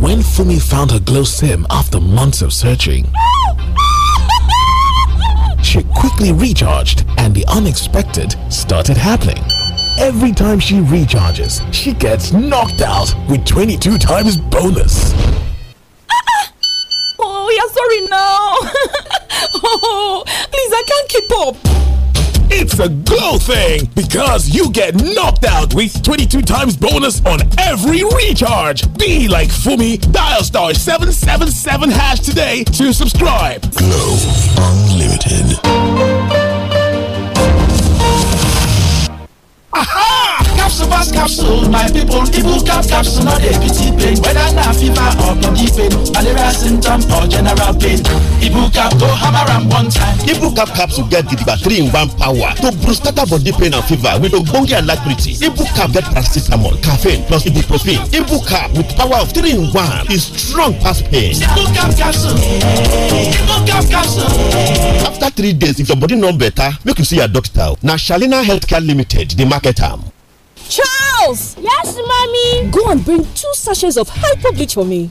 when Fumi found her glow sim after months of searching, she quickly recharged and the unexpected started happening. Every time she recharges, she gets knocked out with 22 times bonus.
oh, yeah, sorry now. oh, please, I can't keep up.
It's a glow thing because you get knocked out with 22 times bonus on every recharge. Be like Fumi, dial star 777 hash today to subscribe. Glow Unlimited.
Aha! capsule pass capsule my people people cap capsule no dey pity pain whether na fever or body pain malaria symptom or general pain ibucap go hammer and one time. ibucap capsule get the battery in one power to boost scatter body pain and fever with ogbonge alacrity ibucap get paracetamol caffeine plus ibuprofen ibucap with power of three in one is strong past pain.
ibucap capsule
ibucap capsule.
after three days if your body no better make you see your doctor na shalina healthcare limited the market arm.
Charles! Yes, mommy! Go and bring two sachets of hyper bleach for me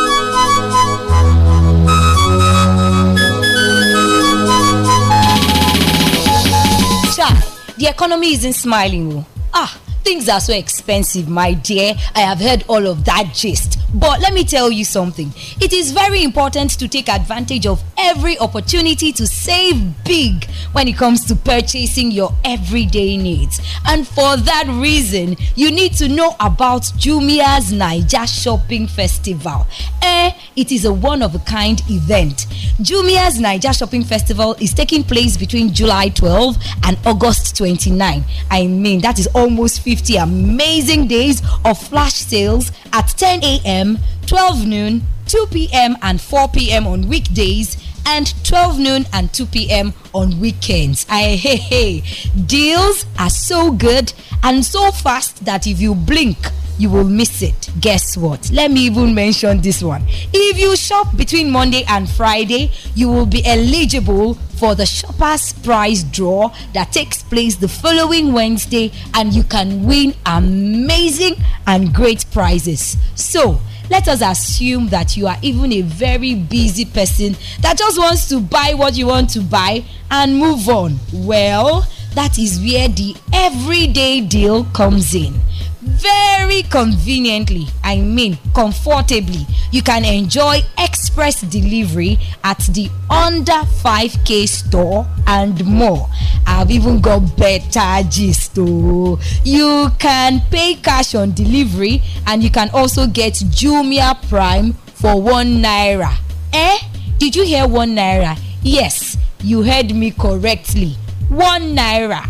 The economy isn't smiling. Oh. Ah, things are so expensive, my dear. I have heard all of that gist but let me tell you something it is very important to take advantage of every opportunity to save big when it comes to purchasing your everyday needs. And for that reason, you need to know about Jumia's Niger Shopping Festival. Eh, it is a one of a kind event. Jumia's Niger Shopping Festival is taking place between July 12 and August 29. I mean, that is almost 50 amazing days of flash sales at 10 a.m a.m., 12 noon, 2 p.m., and 4 p.m. on weekdays, and 12 noon and 2 p.m. on weekends. I, hey, hey, deals are so good and so fast that if you blink, you will miss it. Guess what? Let me even mention this one. If you shop between Monday and Friday, you will be eligible for the shoppers prize draw that takes place the following Wednesday and you can win amazing and great prizes. So, let us assume that you are even a very busy person that just wants to buy what you want to buy and move on. Well, that is where the everyday deal comes in very conveniently, I mean comfortably, you can enjoy express delivery at the under 5k store and more. I've even got better gist too. Oh. You can pay cash on delivery and you can also get Jumia Prime for 1 naira. Eh? Did you hear 1 naira? Yes, you heard me correctly. 1 naira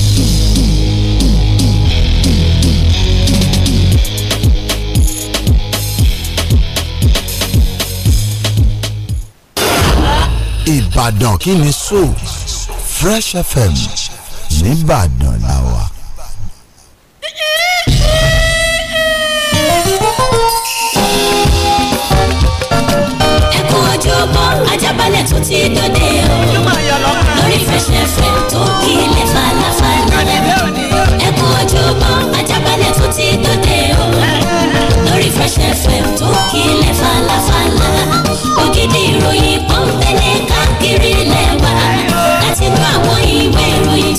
Ìbàdàn kí ni so
Fresh FM nìbàdàn la wà.
ẹ kú ojúbọ Ajaabale tó ti dòde o lórí Fresh FM tó kílẹ̀ falafala ẹ kú ojúbọ Ajaabale tó ti dòde o lórí Fresh FM tó kílẹ̀ falafala ògidì ìròyìn.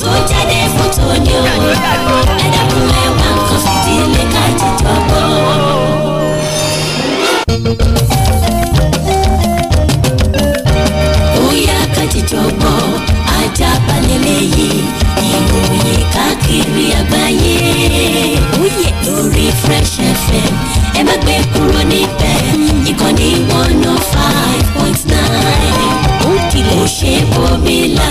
tó jáde fún tòní o ẹ dákun ẹ wá nǹkan fìdílé ká jíjọ gbọ́. bóyá ká jíjọ gbọ́ ajá balẹ̀ lẹ́yìn ìròyìn káàkiri àgbáyé lórí Fresh FM ẹ má gbé kúrò níbẹ̀ ìkànnì one oh five point nine ó kìlọ̀ ṣe bòmílà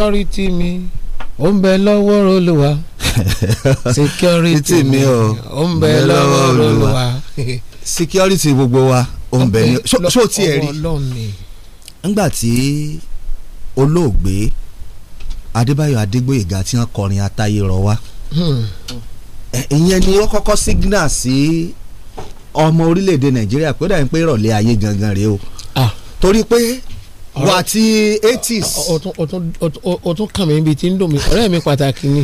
security mi ó ń bẹ lọ́wọ́ olúwa security mi ó ń bẹ lọ́wọ́ olúwa security
gbogbo wa ó ń bẹ ní ṣó tí ẹ rí nígbà tí olóògbé adébáyọ̀ adégbóyèga tí wọ́n kọrin atayé rọ wá hmm. ìyẹn ni ó kọ́kọ́ signal sí ọmọ orílẹ̀-èdè
nàìjíríà pé ó dà ní pé ìrọ̀lẹ́ ayé gangan rèé o ah. torí pé wà ti eighties. o tún kàn mí bíi ti ń dùn mí ọ̀rẹ́ mi pàtàkì ni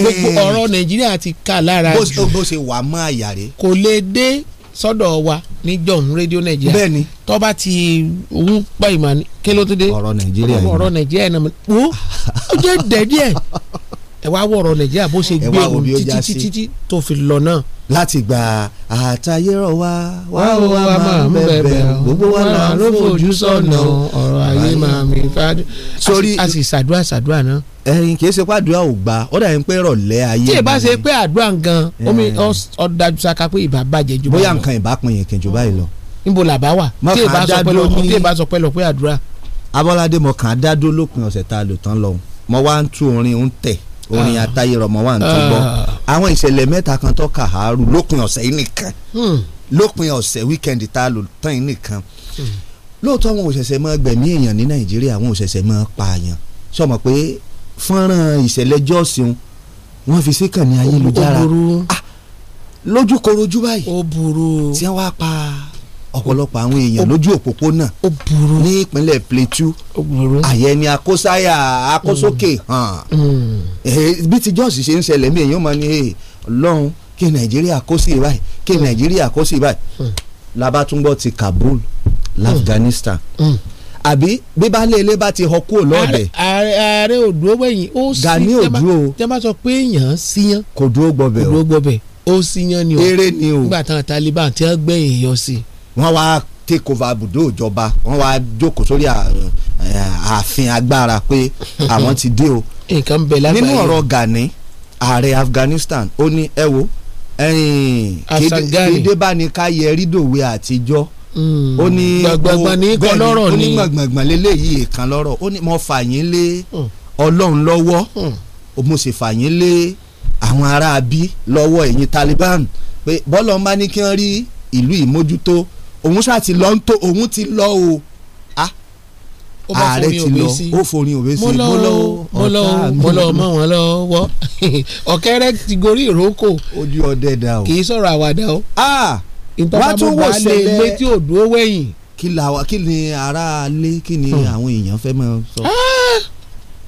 gbogbo ọ̀rọ̀ nàìjíríà ti kà lára jù bó ṣe wà mọ́ àyà rẹ̀. kò lè dé sọ́dọ̀ wa ní john radio Nigeria. bẹ́ẹ̀ni tọ́ba ti wú pa ìmọ̀ ni kí ló tó dé ọ̀rọ̀ nàìjíríà yìí ọ̀rọ̀ nàìjíríà yìí wo ó jẹ́ dẹ́díẹ̀ ẹ wá wọ ọ̀rọ̀ nàìjíríà bó ṣe gbé ohun títí títí tó fi lọ náà. láti gba àtàyè rọ̀ wá wá ó wá máa ń bẹ̀bẹ̀ gbogbo wa là ń fojú sọ̀nà ọ̀rọ̀ ayé máa mi fájú. sórí a sì ṣàdúrà ṣàdúrà náà. ẹyin kì í ṣe pé àdúrà ò gbà ó dà yín pé rọ̀lẹ́ ayé. tí ì bá ṣe pé àdúrà gan omi ọ̀dájú saka pé ìbá bàjẹ́ jù bóyá nǹkan ìbá pin yẹn kẹjọ báyìí lọ. níbo làbá wà tí ì sọ pé lọ pé àdúrà. Abọ́ládé
mọ̀kàn adádó lópin ọ̀sẹ̀ tá lò tán lọ mọ wá ń tú orin ń tẹ̀ orin àtayé ah. rọmọwá tó gbọ́ ah. àwọn ìṣẹ̀lẹ̀ mẹ́ta kan tó kàárù lópin ọ̀sẹ̀ yìí nìkan hmm. lópin ọ̀sẹ̀ wíkẹ́ndì tá a lò tán yìí nìkan hmm. lóòótọ́ àwọn òṣẹ̀ṣẹ̀ máa gbẹ̀mí èèyàn ní nàìjíríà àwọn òṣẹ̀ṣẹ̀ máa pààyàn sọmọ pé fọ́nrán ìṣẹ̀lẹ̀ jọ́sìn wọ́n fi síkàn ní ayélujára ah, lójúkorojú báyìí tí wọ́n wá pa ọ̀pọ̀lọpọ̀ àwọn èèyàn lójú òpópónà ní ìpínlẹ̀ Plateau àyẹni akósáyà akósókè mm. mm. eh, bí ti George ṣe ń ṣẹlẹ̀ mí èèyàn máa ní ọlọ́run kí Nàìjíríà kó sí ibáyìí kí mm. Nàìjíríà kó sí ibáyìí labatungbọ ti Kabul Afghanistan àbí bíbálẹ̀ ilé bá ti họ kúrò lọ́ọ̀dẹ̀.
ààrẹ ààrẹ ò dúró wẹ̀yìn ó sì Gani ò dúró tẹ́ bá sọ pé èèyàn síyan kò dúró gbọbẹ̀ ó síyan ni o eré ni o nígbà táwọn Taliban ti ń gbẹ̀yìn
yọ sí i wọ́n wá take over ibùdó ìjọba wọ́n wá jókòó sórí ààfin agbára pé àwọn ti dé o. nǹkan ń lágbàáyé nínú ọ̀rọ̀ Gani ààrẹ Afghanistan ó ní ẹ wo kéde bá ní ká yẹ rídòwe àtijọ́
hmm. ó ní gbàgbàgbà ní kan lọ́rọ̀ ni ó ní gbàgbàgbà
lélẹ́yìí kan lọ́rọ̀ ó ní mo fà yín lé hmm. ọlọ́run lọ́wọ́ hmm. mo sì fà yín lé àwọn aráabí lọ́wọ́ ẹ̀yin Taliban pé bọ́lọ̀ ń bá ní kí wọ́n rí ìlú
ìmójútó òun ṣáà ti lọ ń tó òun ti lọ o ah,
ààrẹ ti lọ ó
forin òwe sí mo lọ mo lọ mo lọ mọ wọn lọ́wọ́ ọ̀kẹ́rẹ́ ti gorí ìrókò ojú ọdẹ da o kì í sọ̀rọ̀ àwàdà o ah, wá tún wò ṣẹlẹ̀ ilé
tí ò dúró wẹ̀yìn. kí la wa kí ni aráalé kí ni hmm. àwọn èèyàn fẹ́ máa sọ. Ah!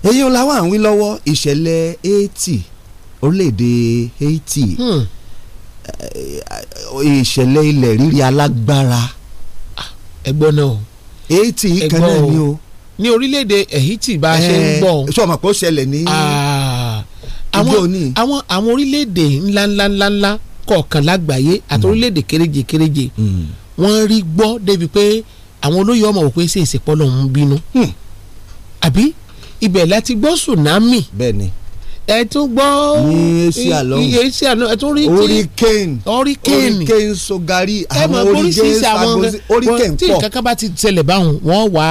èyí làwọn à ń wí lọ́wọ́ ìṣẹ̀lẹ̀ haiti orílẹ̀-èdè haiti. Hmm ìṣẹ̀lẹ̀ ilẹ̀ rírí
alágbára. ẹgbọ́n náà. eighty kan náà ni o. ní orílẹ̀-èdè Haiti bá a ṣe ń gbọ́. sọ̀mọ̀ pé ó ṣẹlẹ̀ ní ah. ìjọ òní. àwọn àwọn orílẹ̀-èdè ńláńláńláńlá kọ̀ọ̀kan lágbàáyé àti hmm. orílẹ̀-èdè kéréje kéréje hmm. wọ́n rí gbọ́ débi pé àwọn olóyè ọmọ òpin ṣèṣe pọ́ lọ́hún bínú. Hmm. àbí ibẹ̀ láti gbọ́ tsunami. bẹ́ẹ̀ ni ẹ tún gbọ́ ní asia lọ́hùn iye asia náà ẹ tún rí tí hurricane hurricane hurricane sogari àwọn hurricane sagosi hurricane pọ̀ tí nǹkan kan bá ti ṣẹlẹ̀ báwọn wọ́n wá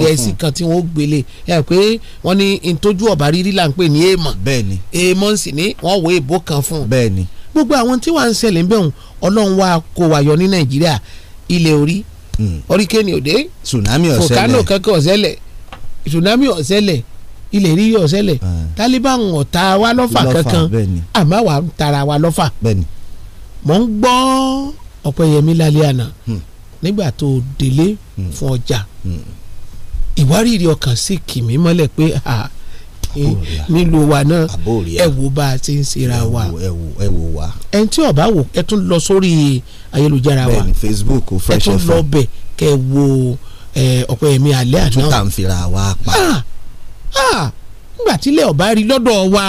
gẹ̀ẹ́sì kan tí wọ́n gbélé ẹ pé wọ́n ní ntójú ọ̀bà rírí là ń pè ní èèmọ̀ bẹ́ẹ̀ni èèmọ̀ sì ni wọ́n wọ èèbó kan fún un bẹ́ẹ̀ni gbogbo àwọn tí wàá ń ṣẹlẹ̀ ń bẹ̀hùn ọlọ́run wa kó wa yọ ní nàìjíríà ilẹ̀ orí hmm. hurricane òde
tsunami ọ̀sẹ̀lẹ̀ volcano
kankan ọ̀sẹ̀lẹ̀ tsunami ọ̀sẹ̀lẹ̀ ilẹ̀ rí yọ̀ sẹ́lẹ̀ Taliban ọ̀tá wa lọ́fà kankan àmọ́ wa ń tara wa lọ́fà mọ̀ ń gbọ́ Ọ̀pẹ́yẹmí lálẹ́ àná hmm. nígbà tó délé hmm. fún ọjà hmm. ìwárìrì ọkàn sì kì mí mọ́lẹ̀ pé nílùú wa náà ẹ wo bá a ti ń ṣera wa ẹ wo wa ẹ tí ò bá wò ẹ tún lọ sórí ayélujára wa Facebook Fresh FM ẹ tún lọ bẹ kẹ wo Ọ̀pẹ́yẹmí alẹ́ àná. tà ń fira wa pa. Ah nígbà tílẹ̀ ọ̀bá rí lọ́dọ̀ wa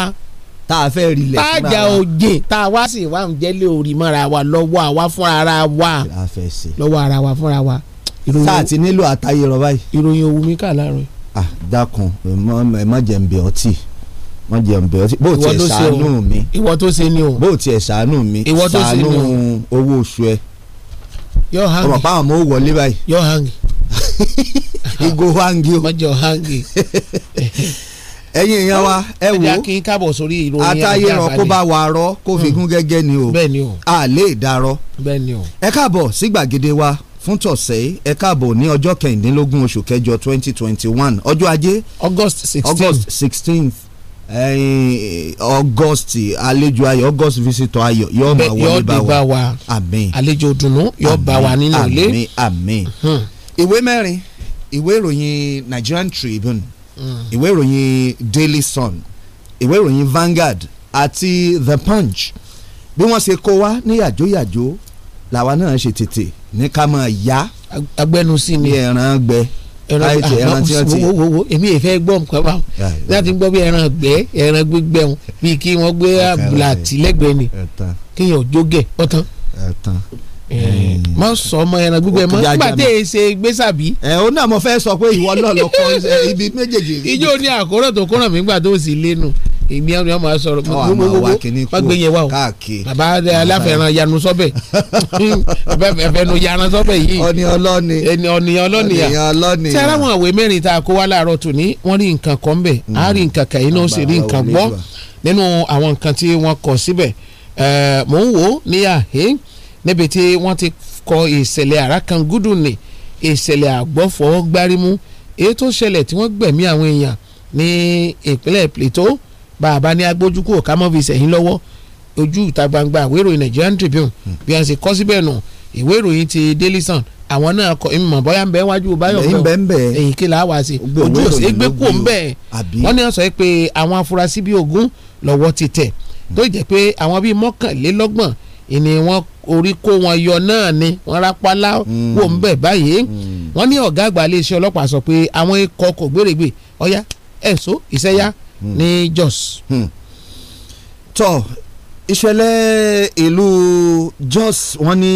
tá a fẹ́ rí lẹ̀ fúnra wa tájà òjè tá a wá sí ìwà ń jẹ́lé orí mọ́ra wa lọ́wọ́ àwa fúnra ara wa lọ́wọ́ ara wa fúnra wa. sáà ti nílò àtayé rọ báyìí. ìròyìn òwú mi kà láàárọ̀.
ah dákun ẹ má jẹ́ ń bẹ ọtí wọ́n jẹ ọ̀bẹ ọtí bó tiẹ̀ ṣàánú mi ìwọ tó ṣe ni o bó tiẹ̀ ṣàánú mi ṣàánú owó oṣù ẹ.
yọ hangi ọmọ pàwọn mọ wọlé báyìí. yọ hangi igbó hangi o mọjọ you. ẹyin èèyàn wa ẹ wo àtàyè rọ kó bá
wa rọ kó fi hmm. gẹ́gẹ́ ni o àlè darọ ẹ káàbọ̀ sí gbàgede wa fún tọ̀sẹ̀ ẹ ní ọjọ́ kẹrìndínlógún oṣù kẹjọ twenty twenty one ọjọ́ ajé august sixteen august august visitor yóò máa wọlé ìwé mẹ́rin ìwé ìròyìn Nigerian Tribune hmm. ìwé mm. ìròyìn Daily Sun ìwé ìròyìn Vanguard àti The Punch bí wọ́n ṣe kó wa ní yàjóyàjó làwa náà ṣe tètè
ní ká máa yá. agbẹnusí mi ẹran gbẹ ẹran tí ẹran tí wọn ti. wo wo wo èmi yẹn fẹ́ gbọ́ nǹkan bá láti gbọ́ bí ẹran gbẹ ẹran gbígbẹ wọn bíi kí wọ́n gbé àbùlà àtìlẹ́gbẹ̀ẹ́ ni kéèyàn jógẹ̀ ọ̀tán. Eh, mọ sọ ọmọ ẹran gbígbẹ mọ nígbà tẹ ẹ ṣe gbèsàbí. ẹ o náà mo fẹ́ sọ pé ìwọ náà lọ kọ ibi méjèèjì. ijó ní àkóràn tó kóràn mí gbà tó sì lénu èmi àwọn ọmọ sọ̀rọ̀ gbogbogbò gbàgbé yẹn wà o bàbá aláfẹ̀ràn yanu sọ́bẹ̀ ẹ̀fẹ̀nu yanu sọ́bẹ̀ yìí ọ̀nì ọlọ́ni ẹ̀nì ọ̀nì ọlọ́nìyà tí ara wọn àwẹ̀ mẹ́rin tá a kó wá láàárọ̀ tù ní wọ́n rí nǹkan kan bẹ̀ á rí nǹkan kan iná ó sì rí nǹkan gbọ́ nínú àwọn nǹkan tí wọ́n kọ síbẹ̀ mò ń wò ó níyà ẹ́ níbi tí wọ́n ti kọ ìṣẹ̀lẹ̀ àràkàngúdù ní ìṣẹ̀lẹ̀ àgbọ̀fọwọ́gbárímú èyí tó ṣẹlẹ̀ tí wọ́n gbẹ̀mí àwọn èèyàn ní ìpínlẹ̀ Plateau bàbá ní agbójúkú òkámọ́bí sẹ́yìn lọ́wọ́ ojú ìta gbangba wero ìròyìn Nigerian Tribune bí wọ́n beno kọ́ síbẹ̀ nù ìwé ìròyìn ti Daily Sun àwọn náà kọ ìmọ̀ bóyá ń bẹ wájú Báyọ̀ bẹ́ẹ̀ èyí kí làá wá sí ojú òsè gbé kú ń wọ́n ní sọ pé àwọn afurasí bíi ogún lọ́wọ́ ti tẹ̀ tó jẹ́ pé àwọn bíi mọ́kànlélọ́gbọ̀n ìní wọ́n orí kó wọn yọ náà ni wọ́n rápálá hmm. wò ń bẹ̀ báyìí hmm. wọ́n ní ọ̀gá àgbà iléeṣẹ́ ọlọ́pàá sọ pé àwọn ikọ̀ kò gbèrègbè ọ̀yá ẹ̀sọ́ ìṣẹ́yà hmm. ní Jos. tọ
ìṣẹ̀lẹ̀ ìlú Jos wọ́n ní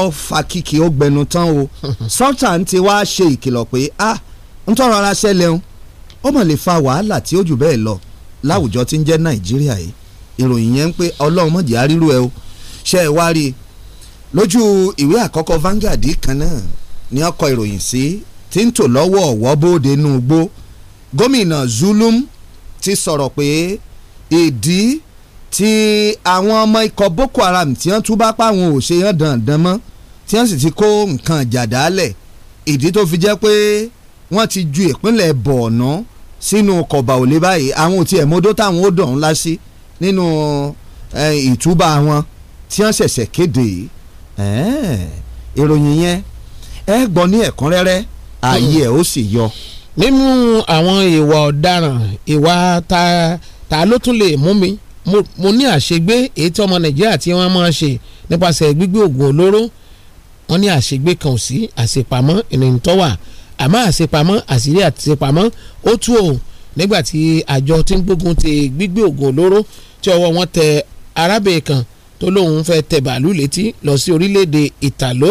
ọ̀fà kìkì ó gbẹnu tán o Sultan ti wá ṣe ìkìlọ̀ pé ah ń tọrọ ara ṣẹlẹ̀ ń ó mọ̀ lè fa wàhálà tí ó jù bẹ́ẹ̀ lọ láwùjọ tí ń jẹ́ Nàìjíríà yìí ìròyìn yẹn ń pé ọlọ́run mọ̀jẹ̀ àrírú ẹ o ṣe é wá rí i lójú ìwé àkọ́kọ́ Vanguard kan náà ni wọ́n kọ ìròyìn sí tí ń tò lọ́wọ́ ọ̀wọ́ bóde inú igbó gómìnà Zulum ti sọ̀rọ̀ pé ìdí tí àwọn ọmọ ikọ̀ Boko Haram tí wọ́n tún bá pàwọn ò ṣe yán dandan mọ́ tí wọ́n sì ti kó nǹkan jàdálẹ̀ ìdí tó fi jẹ́ pé wọ́n ti ju ìpínlẹ̀ Borno sínú kọ̀bà òlé báyìí àwọn ò tiẹ̀ mọ́dọ́ táwọn ó dọ̀hún lá sí nínú ìtúbà wọn tí wọ́n ṣẹ̀ṣẹ̀ kéde yìí
ìròyìn yẹn ẹ gbọ́ ní ẹ̀kúnrẹ́rẹ́ ààyè ẹ̀ ó sì yọ. nínú àwọn ìwà ọ̀daràn ìwà ta ta ló tún lè mú mi mo ní àṣegbé èyí tí ọmọ nàìjíríà tí wọ́n máa ń ṣe nípasẹ̀ gbígbé oògùn olóró wọ́n ní àṣegbé kan ò sí àṣepamọ́ ènìyàn tó wà àmọ́ àṣepamọ́ àṣírí àṣepamọ́ ó tú òun nígbà àjọ tí ń gbógun ti gbígbé oògùn olóró tí ọwọ́ wọn tẹ arábìnrin kan tó lóun fẹ́ tẹ bàálù létí lọ sí orílẹ̀-èdè ìtàló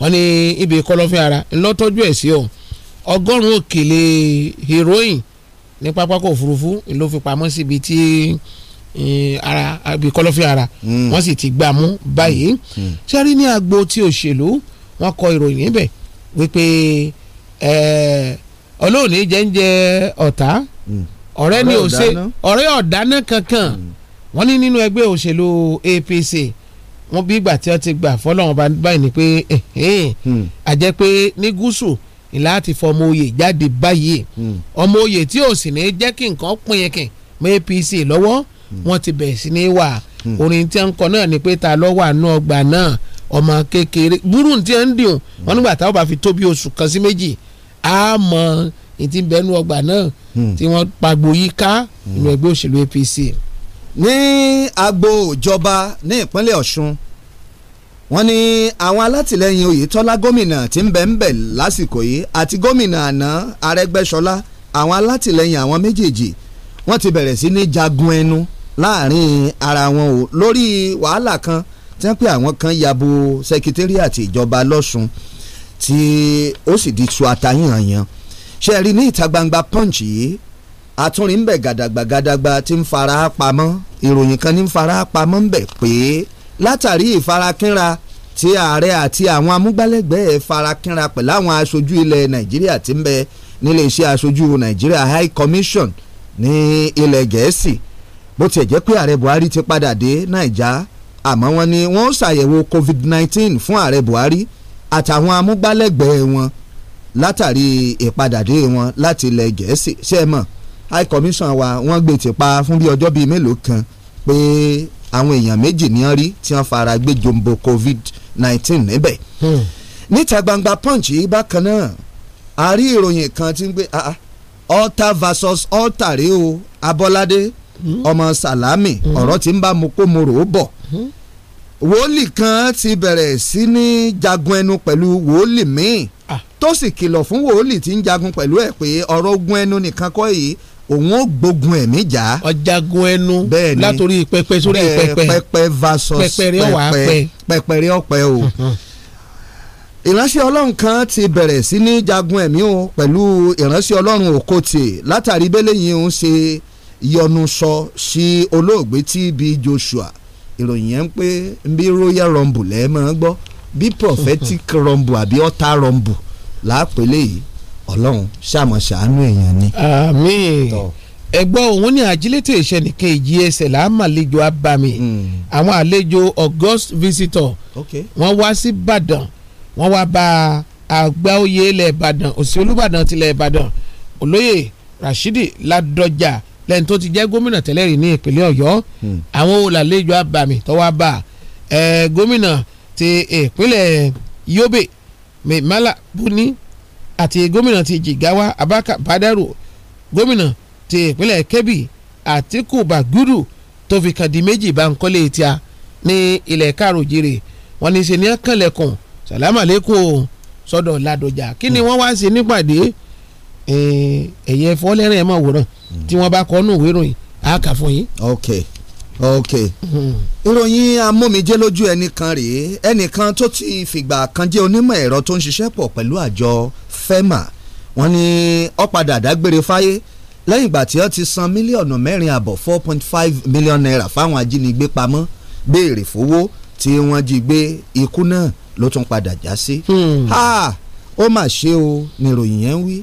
wọn ni ibi kọlọ́fín ara ńlọ́tọ́jú ẹ̀ sí o ọgọ́rùn-ún òkèlè heroin ní pápákọ̀ òfurufú ló fi pamọ́ síbi tí ara ibi kọlọ́fín ara hmm. wọ́n sì ti gbà mú báyìí sẹ́rí hmm. ní agbo tí òṣèlú wọ́n kọ ìròyìn níbẹ̀ wípé ọlọ́ọ̀ni jẹ́ ń jẹ ọ̀tá hmm. ọ̀rẹ́ ni ò ṣe ọ̀rẹ́ ọ̀dáná kankan. Mm wọ́n ní nínú ẹgbẹ́ òṣèlú APC wọ́n bí ìgbà tí wọ́n ti gbà fọ́lọ́run báyìí ni pé àjẹ́ hmm. pé ní gúúsù láti fọmọ oyè jáde báyìí hmm. ọmọ oyè tí ò sì ní jẹ́ kí nǹkan pín yẹn kìn mọ́ APC lọ́wọ́ hmm. wọ́n ti bẹ̀rẹ̀ sí ní wà orin tí wọ́n kọ náà ni pé ta ló wà nú ọgbà náà ọmọ kékeré burú tí wọ́n ń dìun wọ́n nígbà táwọn bá fi tó oṣù kan sí méjì á mọ ìtìbẹ́nu ọgbà náà tí wọ́n pagbo yíká inú ẹgbẹ́ òṣèlú APC ní
agbo ìjọba ní ìpínlẹ̀ Ọ̀ṣun wọ́n ní àwọn alátìlẹyìn Oyètọ́lá gómìnà tí ń bẹ̀ ń bẹ̀ lásìkò yìí àti gómìnà àná Arẹ́gbẹ́ṣọlá àwọn alátìlẹyìn àwọn méjèèjì wọ́n ti bẹ̀rẹ̀ sí ní jagun ẹnu láàrin ara wọn o lórí wàhálà kan tí wọ́n pè àwọn kan yabo sekitariati ìjọba lọ́sùn tí ó sì di tu àtàyàn yẹn ṣe rí ní ìta gbangba Punch yìí àtúnrin ń bẹ̀ gàdàgbà gàdàgbà tí ń fara pamọ́ ìròyìn kan ní ń fara pamọ́ ń bẹ̀ pé látàrí ìfarakínra tí ààrẹ àti àwọn amúgbálẹ́gbẹ̀ẹ́ farakínra pẹ̀lú àwọn aṣojú ilẹ̀ nàìjíríà tí ń bẹ nílé iṣẹ́ aṣojú nàìjíríà high commission ní ilẹ̀ gẹ̀ẹ́sì bó tiẹ̀ jẹ́ pé ààrẹ buhari ti padà dé naija àmọ́ wọ́n ní wọ́n ṣàyẹ̀wò covid nineteen fún ààrẹ buhari àtàwọn amúgbálẹ́gbẹ̀ẹ́ wọn látàrí ìpadàdé wọn láti ilẹ̀ gẹ̀ẹ́sì ṣe mọ̀ high commission wa wọ́n gbé pa fún bí ọjọ́ bíi mélòó kan pé àwọn èèyàn méjì ní rí tí wọ́n fara gbé jombo covid nineteen níbẹ̀. Hmm. níta gbangba punch yìí bákan náà a rí ìròyìn kan tí ń gbé ah, ah, alter versus alter rèé o Abọ́ládé hmm. ọmọ Sàlámì hmm. ọ̀rọ̀ tí ń bá mu kó mo rò ó bọ̀ wòlíì kan ti bẹ̀rẹ̀ sí ní jagun ẹnu pẹ̀lú wòlíì míì ah. tó sì kìlọ̀ fún wòlíì tí ń jagun pẹ̀lú ẹ̀ pé ọ̀rọ̀ ogun ẹnu nìkan kọ́ yìí òun ó gbógun ẹ̀mí jà. ọjàgun ẹnu látòrí pẹpẹ sórí pẹpẹ pẹpẹ versus pẹpẹ pẹpẹ rí ọpẹ o. ìránṣẹ́ ọlọ́run kan ti bẹ̀rẹ̀ sí ní jagun ẹ̀mí o pẹ̀lú ìránṣẹ́ ọlọ́run Okotie látàrí bẹ́lẹ̀ yìí ń ṣe yọnu sọ sí olóògbé TB Joshua ìròyìn yẹn ń pé bí royal rumble lẹ́ẹ̀ máa ń gbọ́ bí prophetic
rumble àbí altar rumble làápẹ̀lẹ̀ yìí ọlọ́run ṣàmọ̀ ṣàánú èèyàn ni. àmín ẹgbọ́n òun ní ajílétò ìṣẹ̀nìkan èjì ẹsẹ̀ là á mà lẹ́jọ́ abami hmm. àwọn àlejò august visitor wọ́n wá sí ìbàdàn wọ́n wá bá àgbà oyè ilẹ̀ ìbàdàn òsì olúbàdàn tilẹ̀ ìbàdàn olóyè rashidi ládọjà lẹ́yìn tó ti jẹ́ gómìnà tẹ́lẹ̀ rí ní ìpínlẹ̀ ọ̀yọ́ hmm. àwọn olàlejò abami tó wá bá eh, gómìnà ti ìpínlẹ̀ yobe mimala buni àti gómìnà ti Jigawa Abaka Badaru gómìnà ti ìpínlẹ̀ Kebbi Atiku Bagudu tó fi kàn di méjì Bankole tíá ní ilẹ̀ Káròjìrè wọn ní ṣe ní kànlẹ̀kùn sàlámàlẹ́kùn o sọ́dọ̀ Ládọjà kí ni hmm. wọ́n wá ṣe nípàdé ẹ̀yẹ fọ́lẹ́rìn ẹ̀ mọ̀ wòran hmm. tí wọ́n bá kọ́ nù wérò yìí á kà okay ok
ìròyìn amómijé lójú ẹnìkan rèé ẹnìkan tó ti fìgbà kan jẹ́ onímọ̀ ẹ̀rọ tó ń ṣiṣẹ́ pọ̀ pẹ̀lú àjọ FEMA wọ́n ní ó padà dágbére fáyé lẹ́yìn ìgbà tí ó ti san mílíọ̀nù mẹ́rin àbọ̀ four point five million naira fáwọn ajínigbé pamọ́ béèrè fowó tí wọ́n jí gbé ikú náà ló tún padà já sí. Hmm. ó mà ṣe o níròyìn yẹn ń wí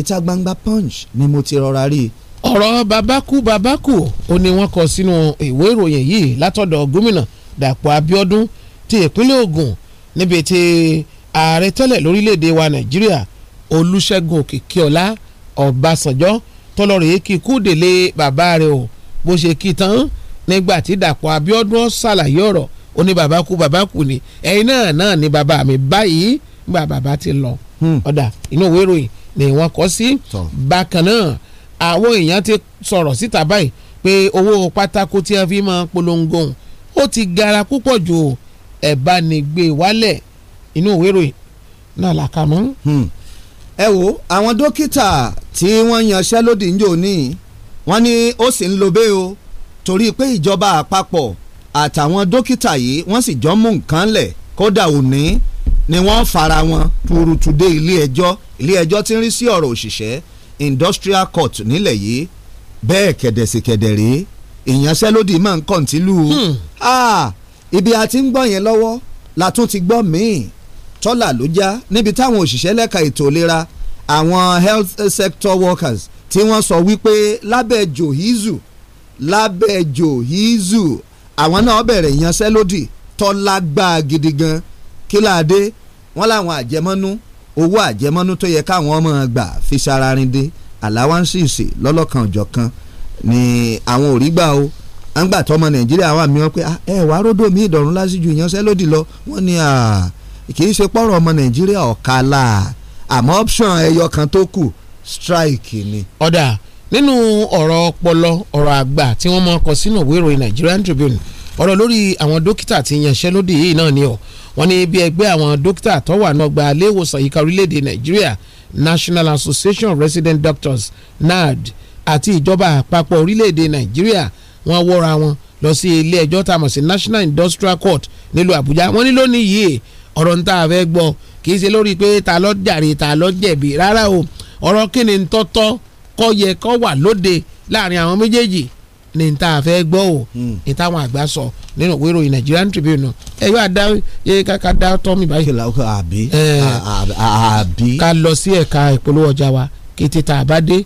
ìta gbangba punch
ni mo ti rọra rí i ọ̀rọ̀ babakú babakú ó ní wọ́n kọ sínú ìwé ìròyìn yìí látọ̀dọ̀ gómìnà dàpọ̀ abíọ́dún ti ìpínlẹ̀ Ògùn níbi tí ààrẹ tẹ́lẹ̀ lórílẹ̀‐èdè wa Nàìjíríà Olúṣẹ́gun Òkìkíọlá Ọbásanjọ́ tọ́lọ́rọ̀ yìí kí kú délé bàbá rẹ̀ o bó ṣe kí tán nígbà tí dàpọ̀ abíọ́dún ṣàlàyé ọ̀rọ̀ ó ní babakú babakú ni ẹ̀yin náà náà ni bàbá mi báyìí nígbà bàbá ti lọ hmm. ọ̀dà inú ìwé ìròyìn ni wọ́n kọ sí bákan náà àwọn èèyàn ti sọ̀rọ̀ síta báyìí pé owó pátákó tí wọ́n fi máa polongo ó ti gara púpọ̀ jù ẹ̀ bá ní gbé e wálẹ̀ inú òwe ròyìn náà làkànú. Hmm. ẹ wo àwọn dókítà tí wọ́n
yanṣẹ́ lódì ń jò ní wọ́n ní ó sì ń lo o torí pé ìjọba àpapọ̀ àtàwọn dókítà yìí wọ́n sì jọ mú nǹkan lẹ̀ kódà òní ni wọ́n fara wọn tuurutu dé ilé ẹjọ́ ilé ẹjọ́ tí ń rí sí ọ̀rọ̀ òṣìṣẹ́ industrial court nílẹ̀ yìí bẹ́ẹ̀ kẹ̀dẹ̀sìkẹ̀dẹ̀ rèé ìyanṣẹ́lódì máa ń kọ̀ǹtìlù hmm. ah, ibi a ti ń gbọ́ yẹn lọ́wọ́ la tún ti gbọ́ míì tọ́là ló já níbi táwọn òṣìṣẹ́ lẹ́ka ètò ìlera àwọn health sector workers tí wọ́n sọ wípé lábẹ́ johizu lábẹ́ johizu àwọn náà bẹ̀rẹ̀ ìyanṣẹ́lódì tọ́lágbá gidi gan kí láadé wọ́n láwọn àjẹmọ́nú owó àjẹmọ́nú tó yẹ káwọn ọmọ gbà fi sararinde aláwáǹsìsì lọ́lọ́kan òjọ̀kan ni àwọn ò gbà o à ń gbà tọmọ nàìjíríà wà mí wọn pé ah, ẹ wà ródò mí ìdọ̀rùn lásìjú ìyanṣẹ́lódì lọ wọ́n ní ah, kì í ṣe pọ́rọ̀
ọmọ nàìjíríà ọ̀kàlà àmọ́ option ẹyọ kan tó kù strike ni. ọ̀dà nínú ọ̀rọ̀ ọpọlọ ọ̀rọ̀ àgbà tí wọ́n mọ̀ ọkọ̀ sínú ìwé ìròyìn Nigerian Tribune ọ̀rọ̀ lórí àwọn dókítà ti yanṣẹ́lódì yìí náà ni ọ̀ wọ́n ní bí ẹgbẹ́ àwọn dókítà tó wà náà gba ilé ìwòsàn yíká orílẹ̀-èdè nàìjíríà National Association of Resident Doctors NARD àti ìjọba àpapọ̀ orílẹ̀-èdè nàìjíríà wọ́n wọ́ra wọn lọ sí ilé ẹjọ́ tá a mọ̀ sí National Industrial Court nílùú àbújá wọ́n ní lónìí yìí ọ̀rọ̀ ń tá a fẹ́ gbọ́ kì í ṣe lórí pé ta ló jàre ta ló jẹ̀bi rárá o ọ̀rọ̀ kí ni tọ́tọ́ kọ́ yẹ kọ́ wà lóde láàrin àwọn méjèèjì ní n ta fẹ́ gbọ́ o hmm. ní táwọn àgbà sọ nínú ìwé ìròyìn Nigerian Tribune ẹ yóò dá yé kàkà dá tọ́mì báyìí. àbí àbí. ká lọ sí ẹ̀ka ìpolówó ọjà wa kí títà bá dé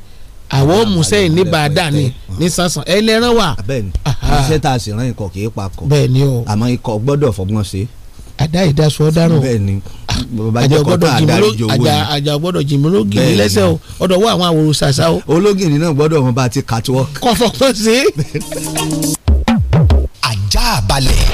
àwọn òmùsẹ́ ìníbàdà ni ní sànsàn ẹ lẹ́ràn wà. bẹ́ẹ̀ni iṣẹ́ tá a sì rán
ikọ̀ kì í pa kọ̀. bẹ́ẹ̀ni o àmọ́ ikọ̀ gbọ́dọ̀ fọgbọ́n ṣe. àdá ìdásọ dáràn. bẹ́ẹ̀ni
bàbá jẹ́ kọ́tà àdáríjọ owó yìí àjà gbọ́dọ̀ jìmú lógìnì lẹ́sẹ̀ o ọ̀dọ̀ wọ àwọn àwòrán ṣàṣà o. ológìnì náà gbọ́dọ̀ wọn bá ti catwalk. kọfọkàn sí.
ajá balẹ̀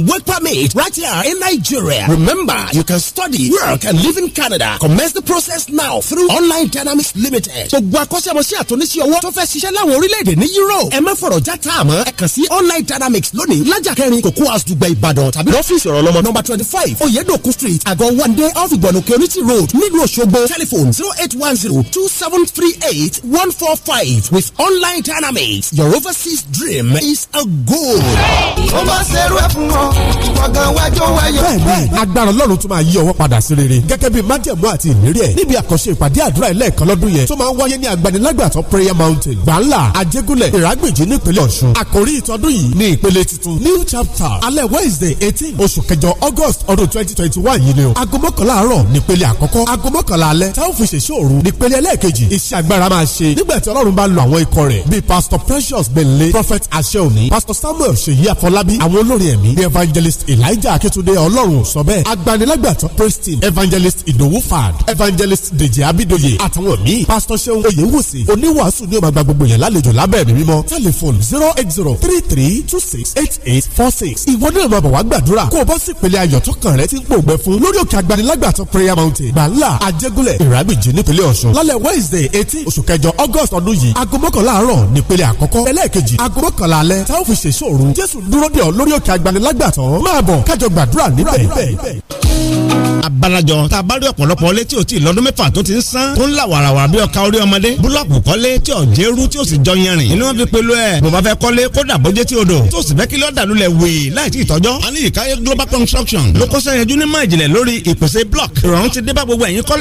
work permit right here in Nigeria. Remember, you can study, work, and live in Canada. Commence the process now through Online
Dynamics Limited. Gbogbo akọ́ṣẹ́mọṣẹ́ àtúnṣe ọwọ́ tó fẹ́ ṣiṣẹ́ láwọn orílẹ̀-èdè ní Europe. Ẹ má fọ̀rọ̀ já tá time? ẹ kàn sí Online Dynamics lónìí lájà kẹrin Cocoa Dubai Dùgbẹ́ Ìbàdàn tàbí lọ́fíìsì ọ̀rọ̀ lọ́mọ nọ́mbà twenty five Oyedoku street àgọ́ one day off Ìgbọ̀nùkẹ́ Ríti road nílùú Òṣogbo telephone zero eight one zero two seven three eight one four five with Online Dynamics your overseas dream is a goal. Ó máa ṣerú ẹ̀
fún
wọ̀gàn wájú wáyọ̀. bẹ́ẹ̀ni
agbára Ọlọ́run tún máa yí ọwọ́ padà sí rere gẹ́gẹ́ bí májẹ̀mú àti ìlérí ẹ̀ níbi àkànṣe ìpàdé àdúrà ẹlẹ́ẹ̀kan lọ́dún yẹn tó máa ń wáyé ní agbanilágbàtọ́ prayer mountain gbàǹlà àjẹgúnlẹ̀ ìrágbèjì nípínlẹ̀ Ọ̀ṣun àkòrí ìtọ́dún yìí ní ìpele tuntun new chapter alẹ́ wednesday eighteen oṣù kẹjọ august ọdún twenty twenty one yìí ni o aago mọ́kànlá àárọ̀ nípele àkọ́kọ́ aago mọ́kànlá alẹ́ táwọn fi ṣèṣe òru nípele ẹlẹ́ẹ̀kejì iṣẹ́ agbára máa ṣe nígbà tí Ọlọ́run bá lo àwọn ikọ̀ rẹ̀ bíi pastor precious gbẹ̀lẹ́ prophet aṣẹ́omi pastor samuel ṣèyí àfọlábí àwọn olórin ẹ̀mí evangelist elijah akitunde ọlọ́run sọ bẹ́ẹ̀ agbanilágbàtọ́ preston evangelist ìdòwú fad evangelist Deji abidoye àtàwọn míì pastor seun oyewusi oníwàásù ni ó máa gba gbogbo yẹn lálejò lábẹ́ mi mímọ́ telephone zero eight zero three three two six eight eight four six ìwọ náà máa bọ̀ wá gbàdúrà kó o bọ́ sí ìpele ayọ̀ tó kàn rẹ́ tí ń pògbẹ́ fún lórí òkè agbanilágbàtọ́ prayer mountain gbàlá àjẹgúnlẹ̀ ìrábìjì nípínlẹ̀ ọ̀ṣun lálẹ́ wednesday eighteen oṣù kẹjọ august ọdún yìí aago mọ́kànlá àárọ̀ nípele àkọ́kọ́ ẹlẹ́ẹ̀kejì aago mọ́kànlá alẹ́ táwọn fi ṣèṣòro jésù dúró dè ọ́ lórí òkè agbanilágbà tán máa bọ̀ kájọ gbàdúrà níbẹ̀ abalajọ tá a bá rí ọ̀pọ̀lọpọ̀ ilé tí o ti lọ́dún mẹ́fà tó ti ń sán tó ń la wàràwà bí ọkà orí ọmọdé búlọ́ọ̀kù kọ́lé tí ò jẹ́rú tí ò sì jọ yanrìn inú wọn fi pelu ẹ̀ bó fẹ́ kọ́lé kódà bójé tí o dò tó sì fẹ́ kí lọ́ọ̀dà lulẹ̀ wèé láì tí ì a ní ìkáyé global construction ló kó sẹ́yẹjú ní máa ìjìnlẹ̀ lórí ìpèsè block ìrọ̀rùn ti dé bá gbogbo ẹ̀yin kọ́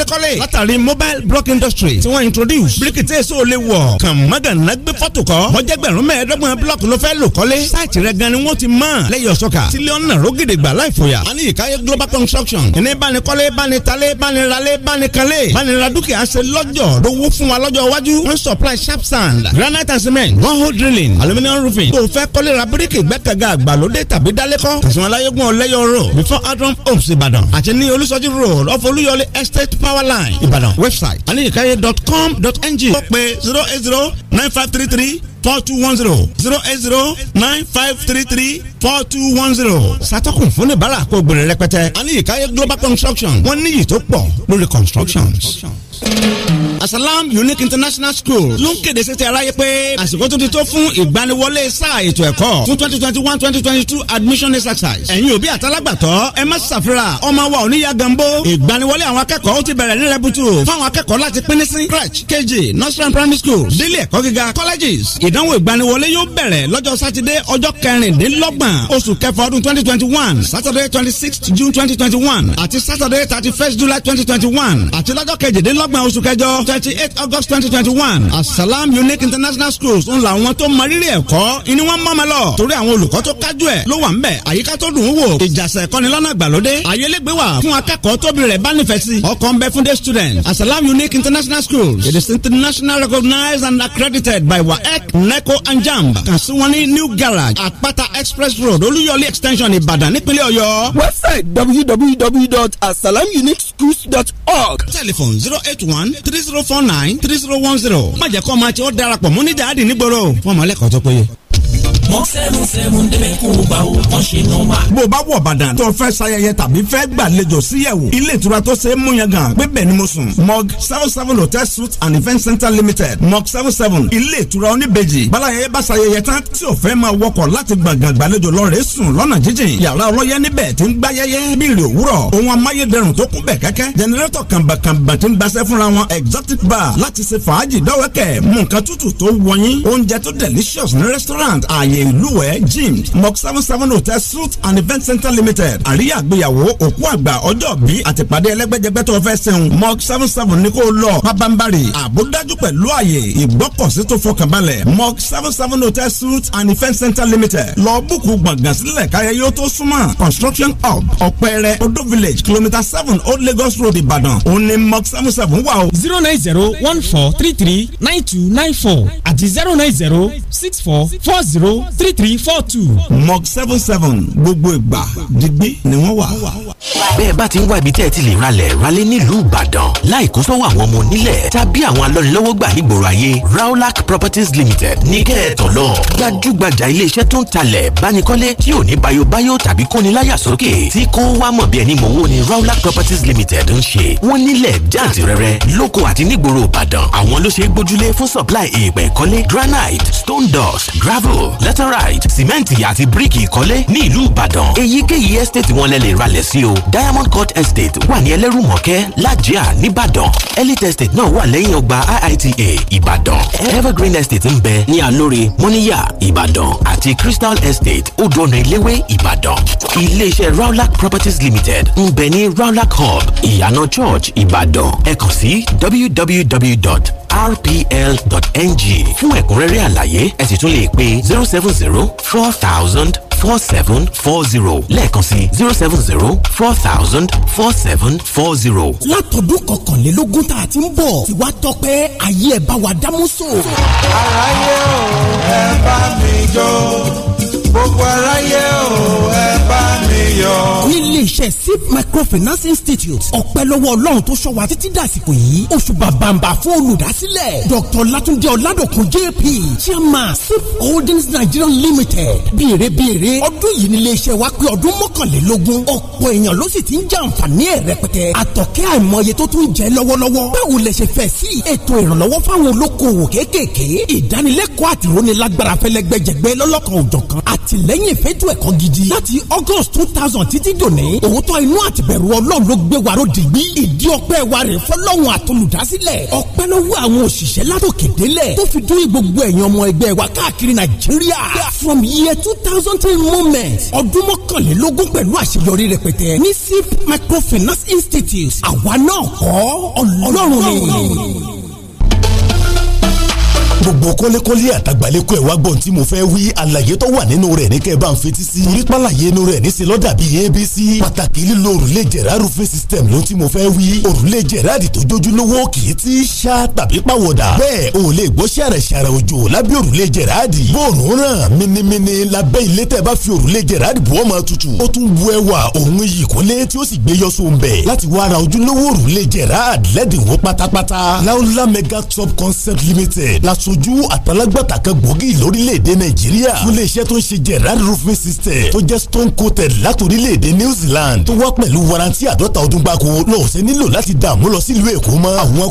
global construction lọ́nà. ìní bánikọ́lé bánitalé bániralé bánikanlé bánira dúkìá ṣe lọ́jọ̀ lówó fún wa lọ́jọ́ iwájú. wọ́n supply sharp sand granite and cement one hole drilling aluminium roofing. tó fẹ́ kọ́lé ra bíríkì gbẹ́kẹ̀gà àgbàlódé tàbí dálékọ́. tẹ̀sán aláyégún ọ̀lẹ́yọ̀ road before adron homes ìbàdàn àti ní olúṣọjí road off olúyọlé estate power line ìbàdàn website aniyikaye dot com dot ng. ó pe zero eight zero nine five three three four two one zero zero eight zero nine five three three four two one zero. sátọ́kùn fún ní bàrà kó gbèrè rẹpẹtẹ. a ní ìkáyé global construction wọ́n níyì tó pọ̀ lórí constructions. construction
asalam unique international school ló ń kéde sí ti aráyé pé àsìkò tó ti tó fún ìgbaniwọlé sáà ètò ẹ̀kọ́ fún twenty twenty one twenty twenty two admission exercise. ẹ̀yin òbí àtàlágbàtọ́ ẹ má ṣàfira ọmọ wa ò ní ya gambo. ìgbaniwọlé àwọn akẹ́kọ̀ọ́ ó ti bẹ̀rẹ̀ ní rẹ́bùtù fún àwọn akẹ́kọ̀ọ́ láti pín sí crèche kg nursery
primary school délé ẹ̀kọ́ gíga colleges. ìdánwò ìgbaniwọlé yóò bẹ̀rẹ̀ lọ́jọ́ sátidé ọjọ́ kẹrìndínlọ́gbọ̀n oṣù kẹfà ọdún twenty twenty one saturday twenty sixth june twenty twenty saturday thirty first july twenty twenty one àti kọkàndínlọ́gbọ̀n oṣù kẹjọ twenty eight august twenty twenty one asalam unique international schools ń la wọn tó mọrírì ẹ̀kọ́ ìní wọn mọ́mọ́ lọ torí àwọn olùkọ́ tó kájú ẹ̀ ló wà ń bẹ̀ àyíká tó dùn ún wò ìjàsẹ̀ kọ́ni lọ́nà gbàlódé ayélégbé wà fún akẹ́kọ̀ọ́
tóbi rẹ̀ bá ọkàn bẹ fún student asalam unique international schools it is internationally recognized and accredited by waec neco and jamb kàn sí wọn ní new garage àpáta
express road olúyọlé extension ìbàdàn nípínlẹ̀ ọ̀yọ́ website www.asalamuniqueschools.org telephone zero eight one three zero four nine three zero one zero.
má jẹ́ kó máa ti ọ́ darapọ̀ mọ́ ní dáàdì nígboro fún ọmọlẹ́kọ̀ọ́ tó péye
mọ́ seven seven
débẹ̀ kó o bá o kàn ṣe nọ́mà.
bó o bá wọ̀ bàdàn tó fẹ́ ṣayẹyẹ tàbí fẹ́ gbàlejò síyẹ̀wò ilé ìtura tó ṣe é mú pé bẹ́ẹ̀ ni mo sùn mog seven seven hotel suite and event center limited mog seven seven ilé ìtura oníbejì bálayẹyẹ bá ṣayẹyẹ tán tí o fẹ́ máa wọkọ̀ láti gbàngàn gbàlejò lọ rèé sùn lọ́nà jíjìn yàrá ọlọ́yẹ níbẹ̀ tí ń gbáyẹyẹ bí ìrè òwúrọ̀ ohun amáyédẹrùn tó kún bẹ̀ kẹ́kẹ́ jẹnẹrétọ̀ kàǹbàkàǹbà tí ń gbaṣẹ́ fúnra wọn exotic bar láti ṣe fàájì dọ́wẹ́kẹ̀ mú nǹkan tútù delicious restaurant ààyè ìlúwẹ̀ gym mok seven hotel suite and event center limited àríyá àgbéyàwó òkú àgbà ọjọ́ bí àtìpàdé ẹlẹ́gbẹ́jẹgbẹ́ tó fẹ́ sẹ́hun mok seven seven ní kó lọ pábánbárì àbúdájú pẹ̀lú àyè ìgbọ́kọ̀sí tó fọkànbalẹ̀ mok seven hotel suite and event center limited lọ búkú gbọ̀ngàn sílẹ̀ káyẹ yóò tó súnmọ́ construction hub ọ̀pẹ̀rẹ̀ Odo village kilometre seven old lagos road ìbàdàn òní mok seven seven wà o. zero nine zero one four three three nine two nine four àti zero nine zero six four four zero three three four two. mok seven seven gbogbo ìgbà digbí ni wọ́n wà. bẹ́ẹ̀ bá ti ń wá ibi tẹ́ ẹ ti lè ralẹ̀ ralẹ̀ nílùú ìbàdàn láìkún sọ́wọ́ àwọn ọmọ onílẹ̀ tàbí àwọn alọ́nilọ́wọ́ gbà nígboro ayé raulac properties limited ní kẹ́ẹ̀tọ́ lọ gbajúgbajà iléeṣẹ́ tó ń talẹ̀ bánikọ́lé tí ò ní bayobayo tàbí kóniláyà sókè tí kò wá mọ̀ bí ẹni mọ̀wó ni raulac properties limited ń ṣe wọ́n nílẹ̀ jàǹtìrẹrẹ lóko àti nígboro ìbàdàn àwọn ló ṣe é gbójúlé fún supply èèpẹ̀ kọ́lé granite stone dust gravel Let Laterite sìmẹ́ǹtì àti bíríkì ìkọ́lé ní ìlú Ìbàdàn èyíkéyìí estate wọn lẹ lè sí o Diamond Court Estate wà ní Ẹlẹ́rùmọ̀kẹ́ Lajia nìbàdàn Elite Estate náà wà lẹ́yìn ọgbà IITA Ìbàdàn Evergreen Estate ń bẹ ní Alórí Mọ́níyà Ìbàdàn àti Crystal Estate Odòọ̀nà Iléwé Ìbàdàn iléeṣẹ́ Rawlac Properties Limited ń bẹ ní Rawlac Hub
Ìyànà Church Ìbàdàn ẹ kàn sí www rpl.ng fún ẹ̀kúnrẹ́rẹ́ àlàyé ẹ sì tún lè pe zero seven zero four thousand four seven four zero lẹ́ẹ̀kan sí zero seven zero four thousand four seven four zero. látọ̀dún kọkànlélógún tá a ti ń bọ̀ tí wàá tọpẹ́ ayé ẹ̀ bá wa dámú
sóò. àlàyé o ẹ bá mi jó gbogbo aráyé o ẹ bá mi yọ̀.
nílé iṣẹ́ sip microfinance institute ọpẹ́ lọ́wọ́ ọlọ́run tó ṣọ́ wa títí dàsìkò yìí oṣù bàbàǹbà fún olùdásílẹ̀ dr latunde ọ̀làdọ̀kun jp chairman sip holdings nigeria limited béèrè béèrè
ọdún yìí nílé iṣẹ́ wa pé ọdún mọ́kànlélógún ọ̀pọ̀ èèyàn ló sì ti ń jàǹfààní ẹ̀ rẹpẹtẹ àtọ̀kẹ́ àìmọye tó tún jẹ́ lọ́wọ́lọ́wọ́ báwo lẹ ṣe fẹ́ sí ètò ìrànlọ́wọ́ fáwọn olókoòwò
kéékèèké ìdánilẹ́kọ̀ọ́ àtìrónilágbára fẹ́lẹ́gbẹ́jẹgbẹ́ lọ́lọ́kan òjọ̀kan àt àtìlẹ́yìn ìfẹ́jú ẹ̀kọ́ gidi láti august two thousand títí dòní òótọ́ inú àtìbẹ̀rù ọlọ́run ló gbé wa ròdì gbí ìdí ọpẹ́ wa rè fọlọ́run àtolùdásílẹ̀ ọpẹ́ lọ́wọ́ àwọn òṣìṣẹ́ látòkè
délẹ̀ tó fi dún gbogbo ẹ̀yàn ọmọ ẹgbẹ́ wa káàkiri nàìjíríà from year two thousand till
moment ọdún mọ́kànlélógún pẹ̀lú àṣeyọrí rẹpẹtẹ ní sip microfinance institute àwa náà kọ́ ọlọ́run ni gbogbo kọ́lékọ́lé àtàgbàlékọ́ ẹ̀ wá gbọ́n tí mo fẹ́ wí àlàyé tó wà nínú rẹ̀ ní kẹ́ ẹ bá ń fetí sí. torí pàlàyé inú rẹ̀ ní sílọ́ dàbí abc. pàtàkì lílo òrùlé jẹ̀rá roofing system ló ti mo fẹ́ wí. òrùlé jẹ̀rá di tó jójúlówó kì í ti ṣá tàbí pàwọ̀dà. bẹ́ẹ̀ o lè gbọ́ ṣàrẹ̀ṣàrẹ̀ òjò lábẹ́ òrùlé jẹ̀rá di. bóòrùn ràn minimini lábẹ́ ilé tẹ́ bá fi òrùlé jẹ̀rá di bọ́ máa tutù. ó tún bu ẹwà òun iyì kólé tí ó sì gbé yọ sóun bẹ̀. láti wá ara ojúlówó òrùlé jẹ̀rá lẹ́dínwó pátápátá. láúlá mega top concept limited lásojú aṣojú àtàlágbàtà kan gbòógì lórílẹ̀‐èdè nàìjíríà fún iléeṣẹ́ tó ń ṣe gerard roofing system tó jẹ́ stone coated láti orílẹ̀‐èdè new zealand tó wá pẹ̀lú warranty àdọ́ta ọdún gbáko lọ́sẹ̀ nílò láti dààmú lọ sílùú èkó mọ́ àwọn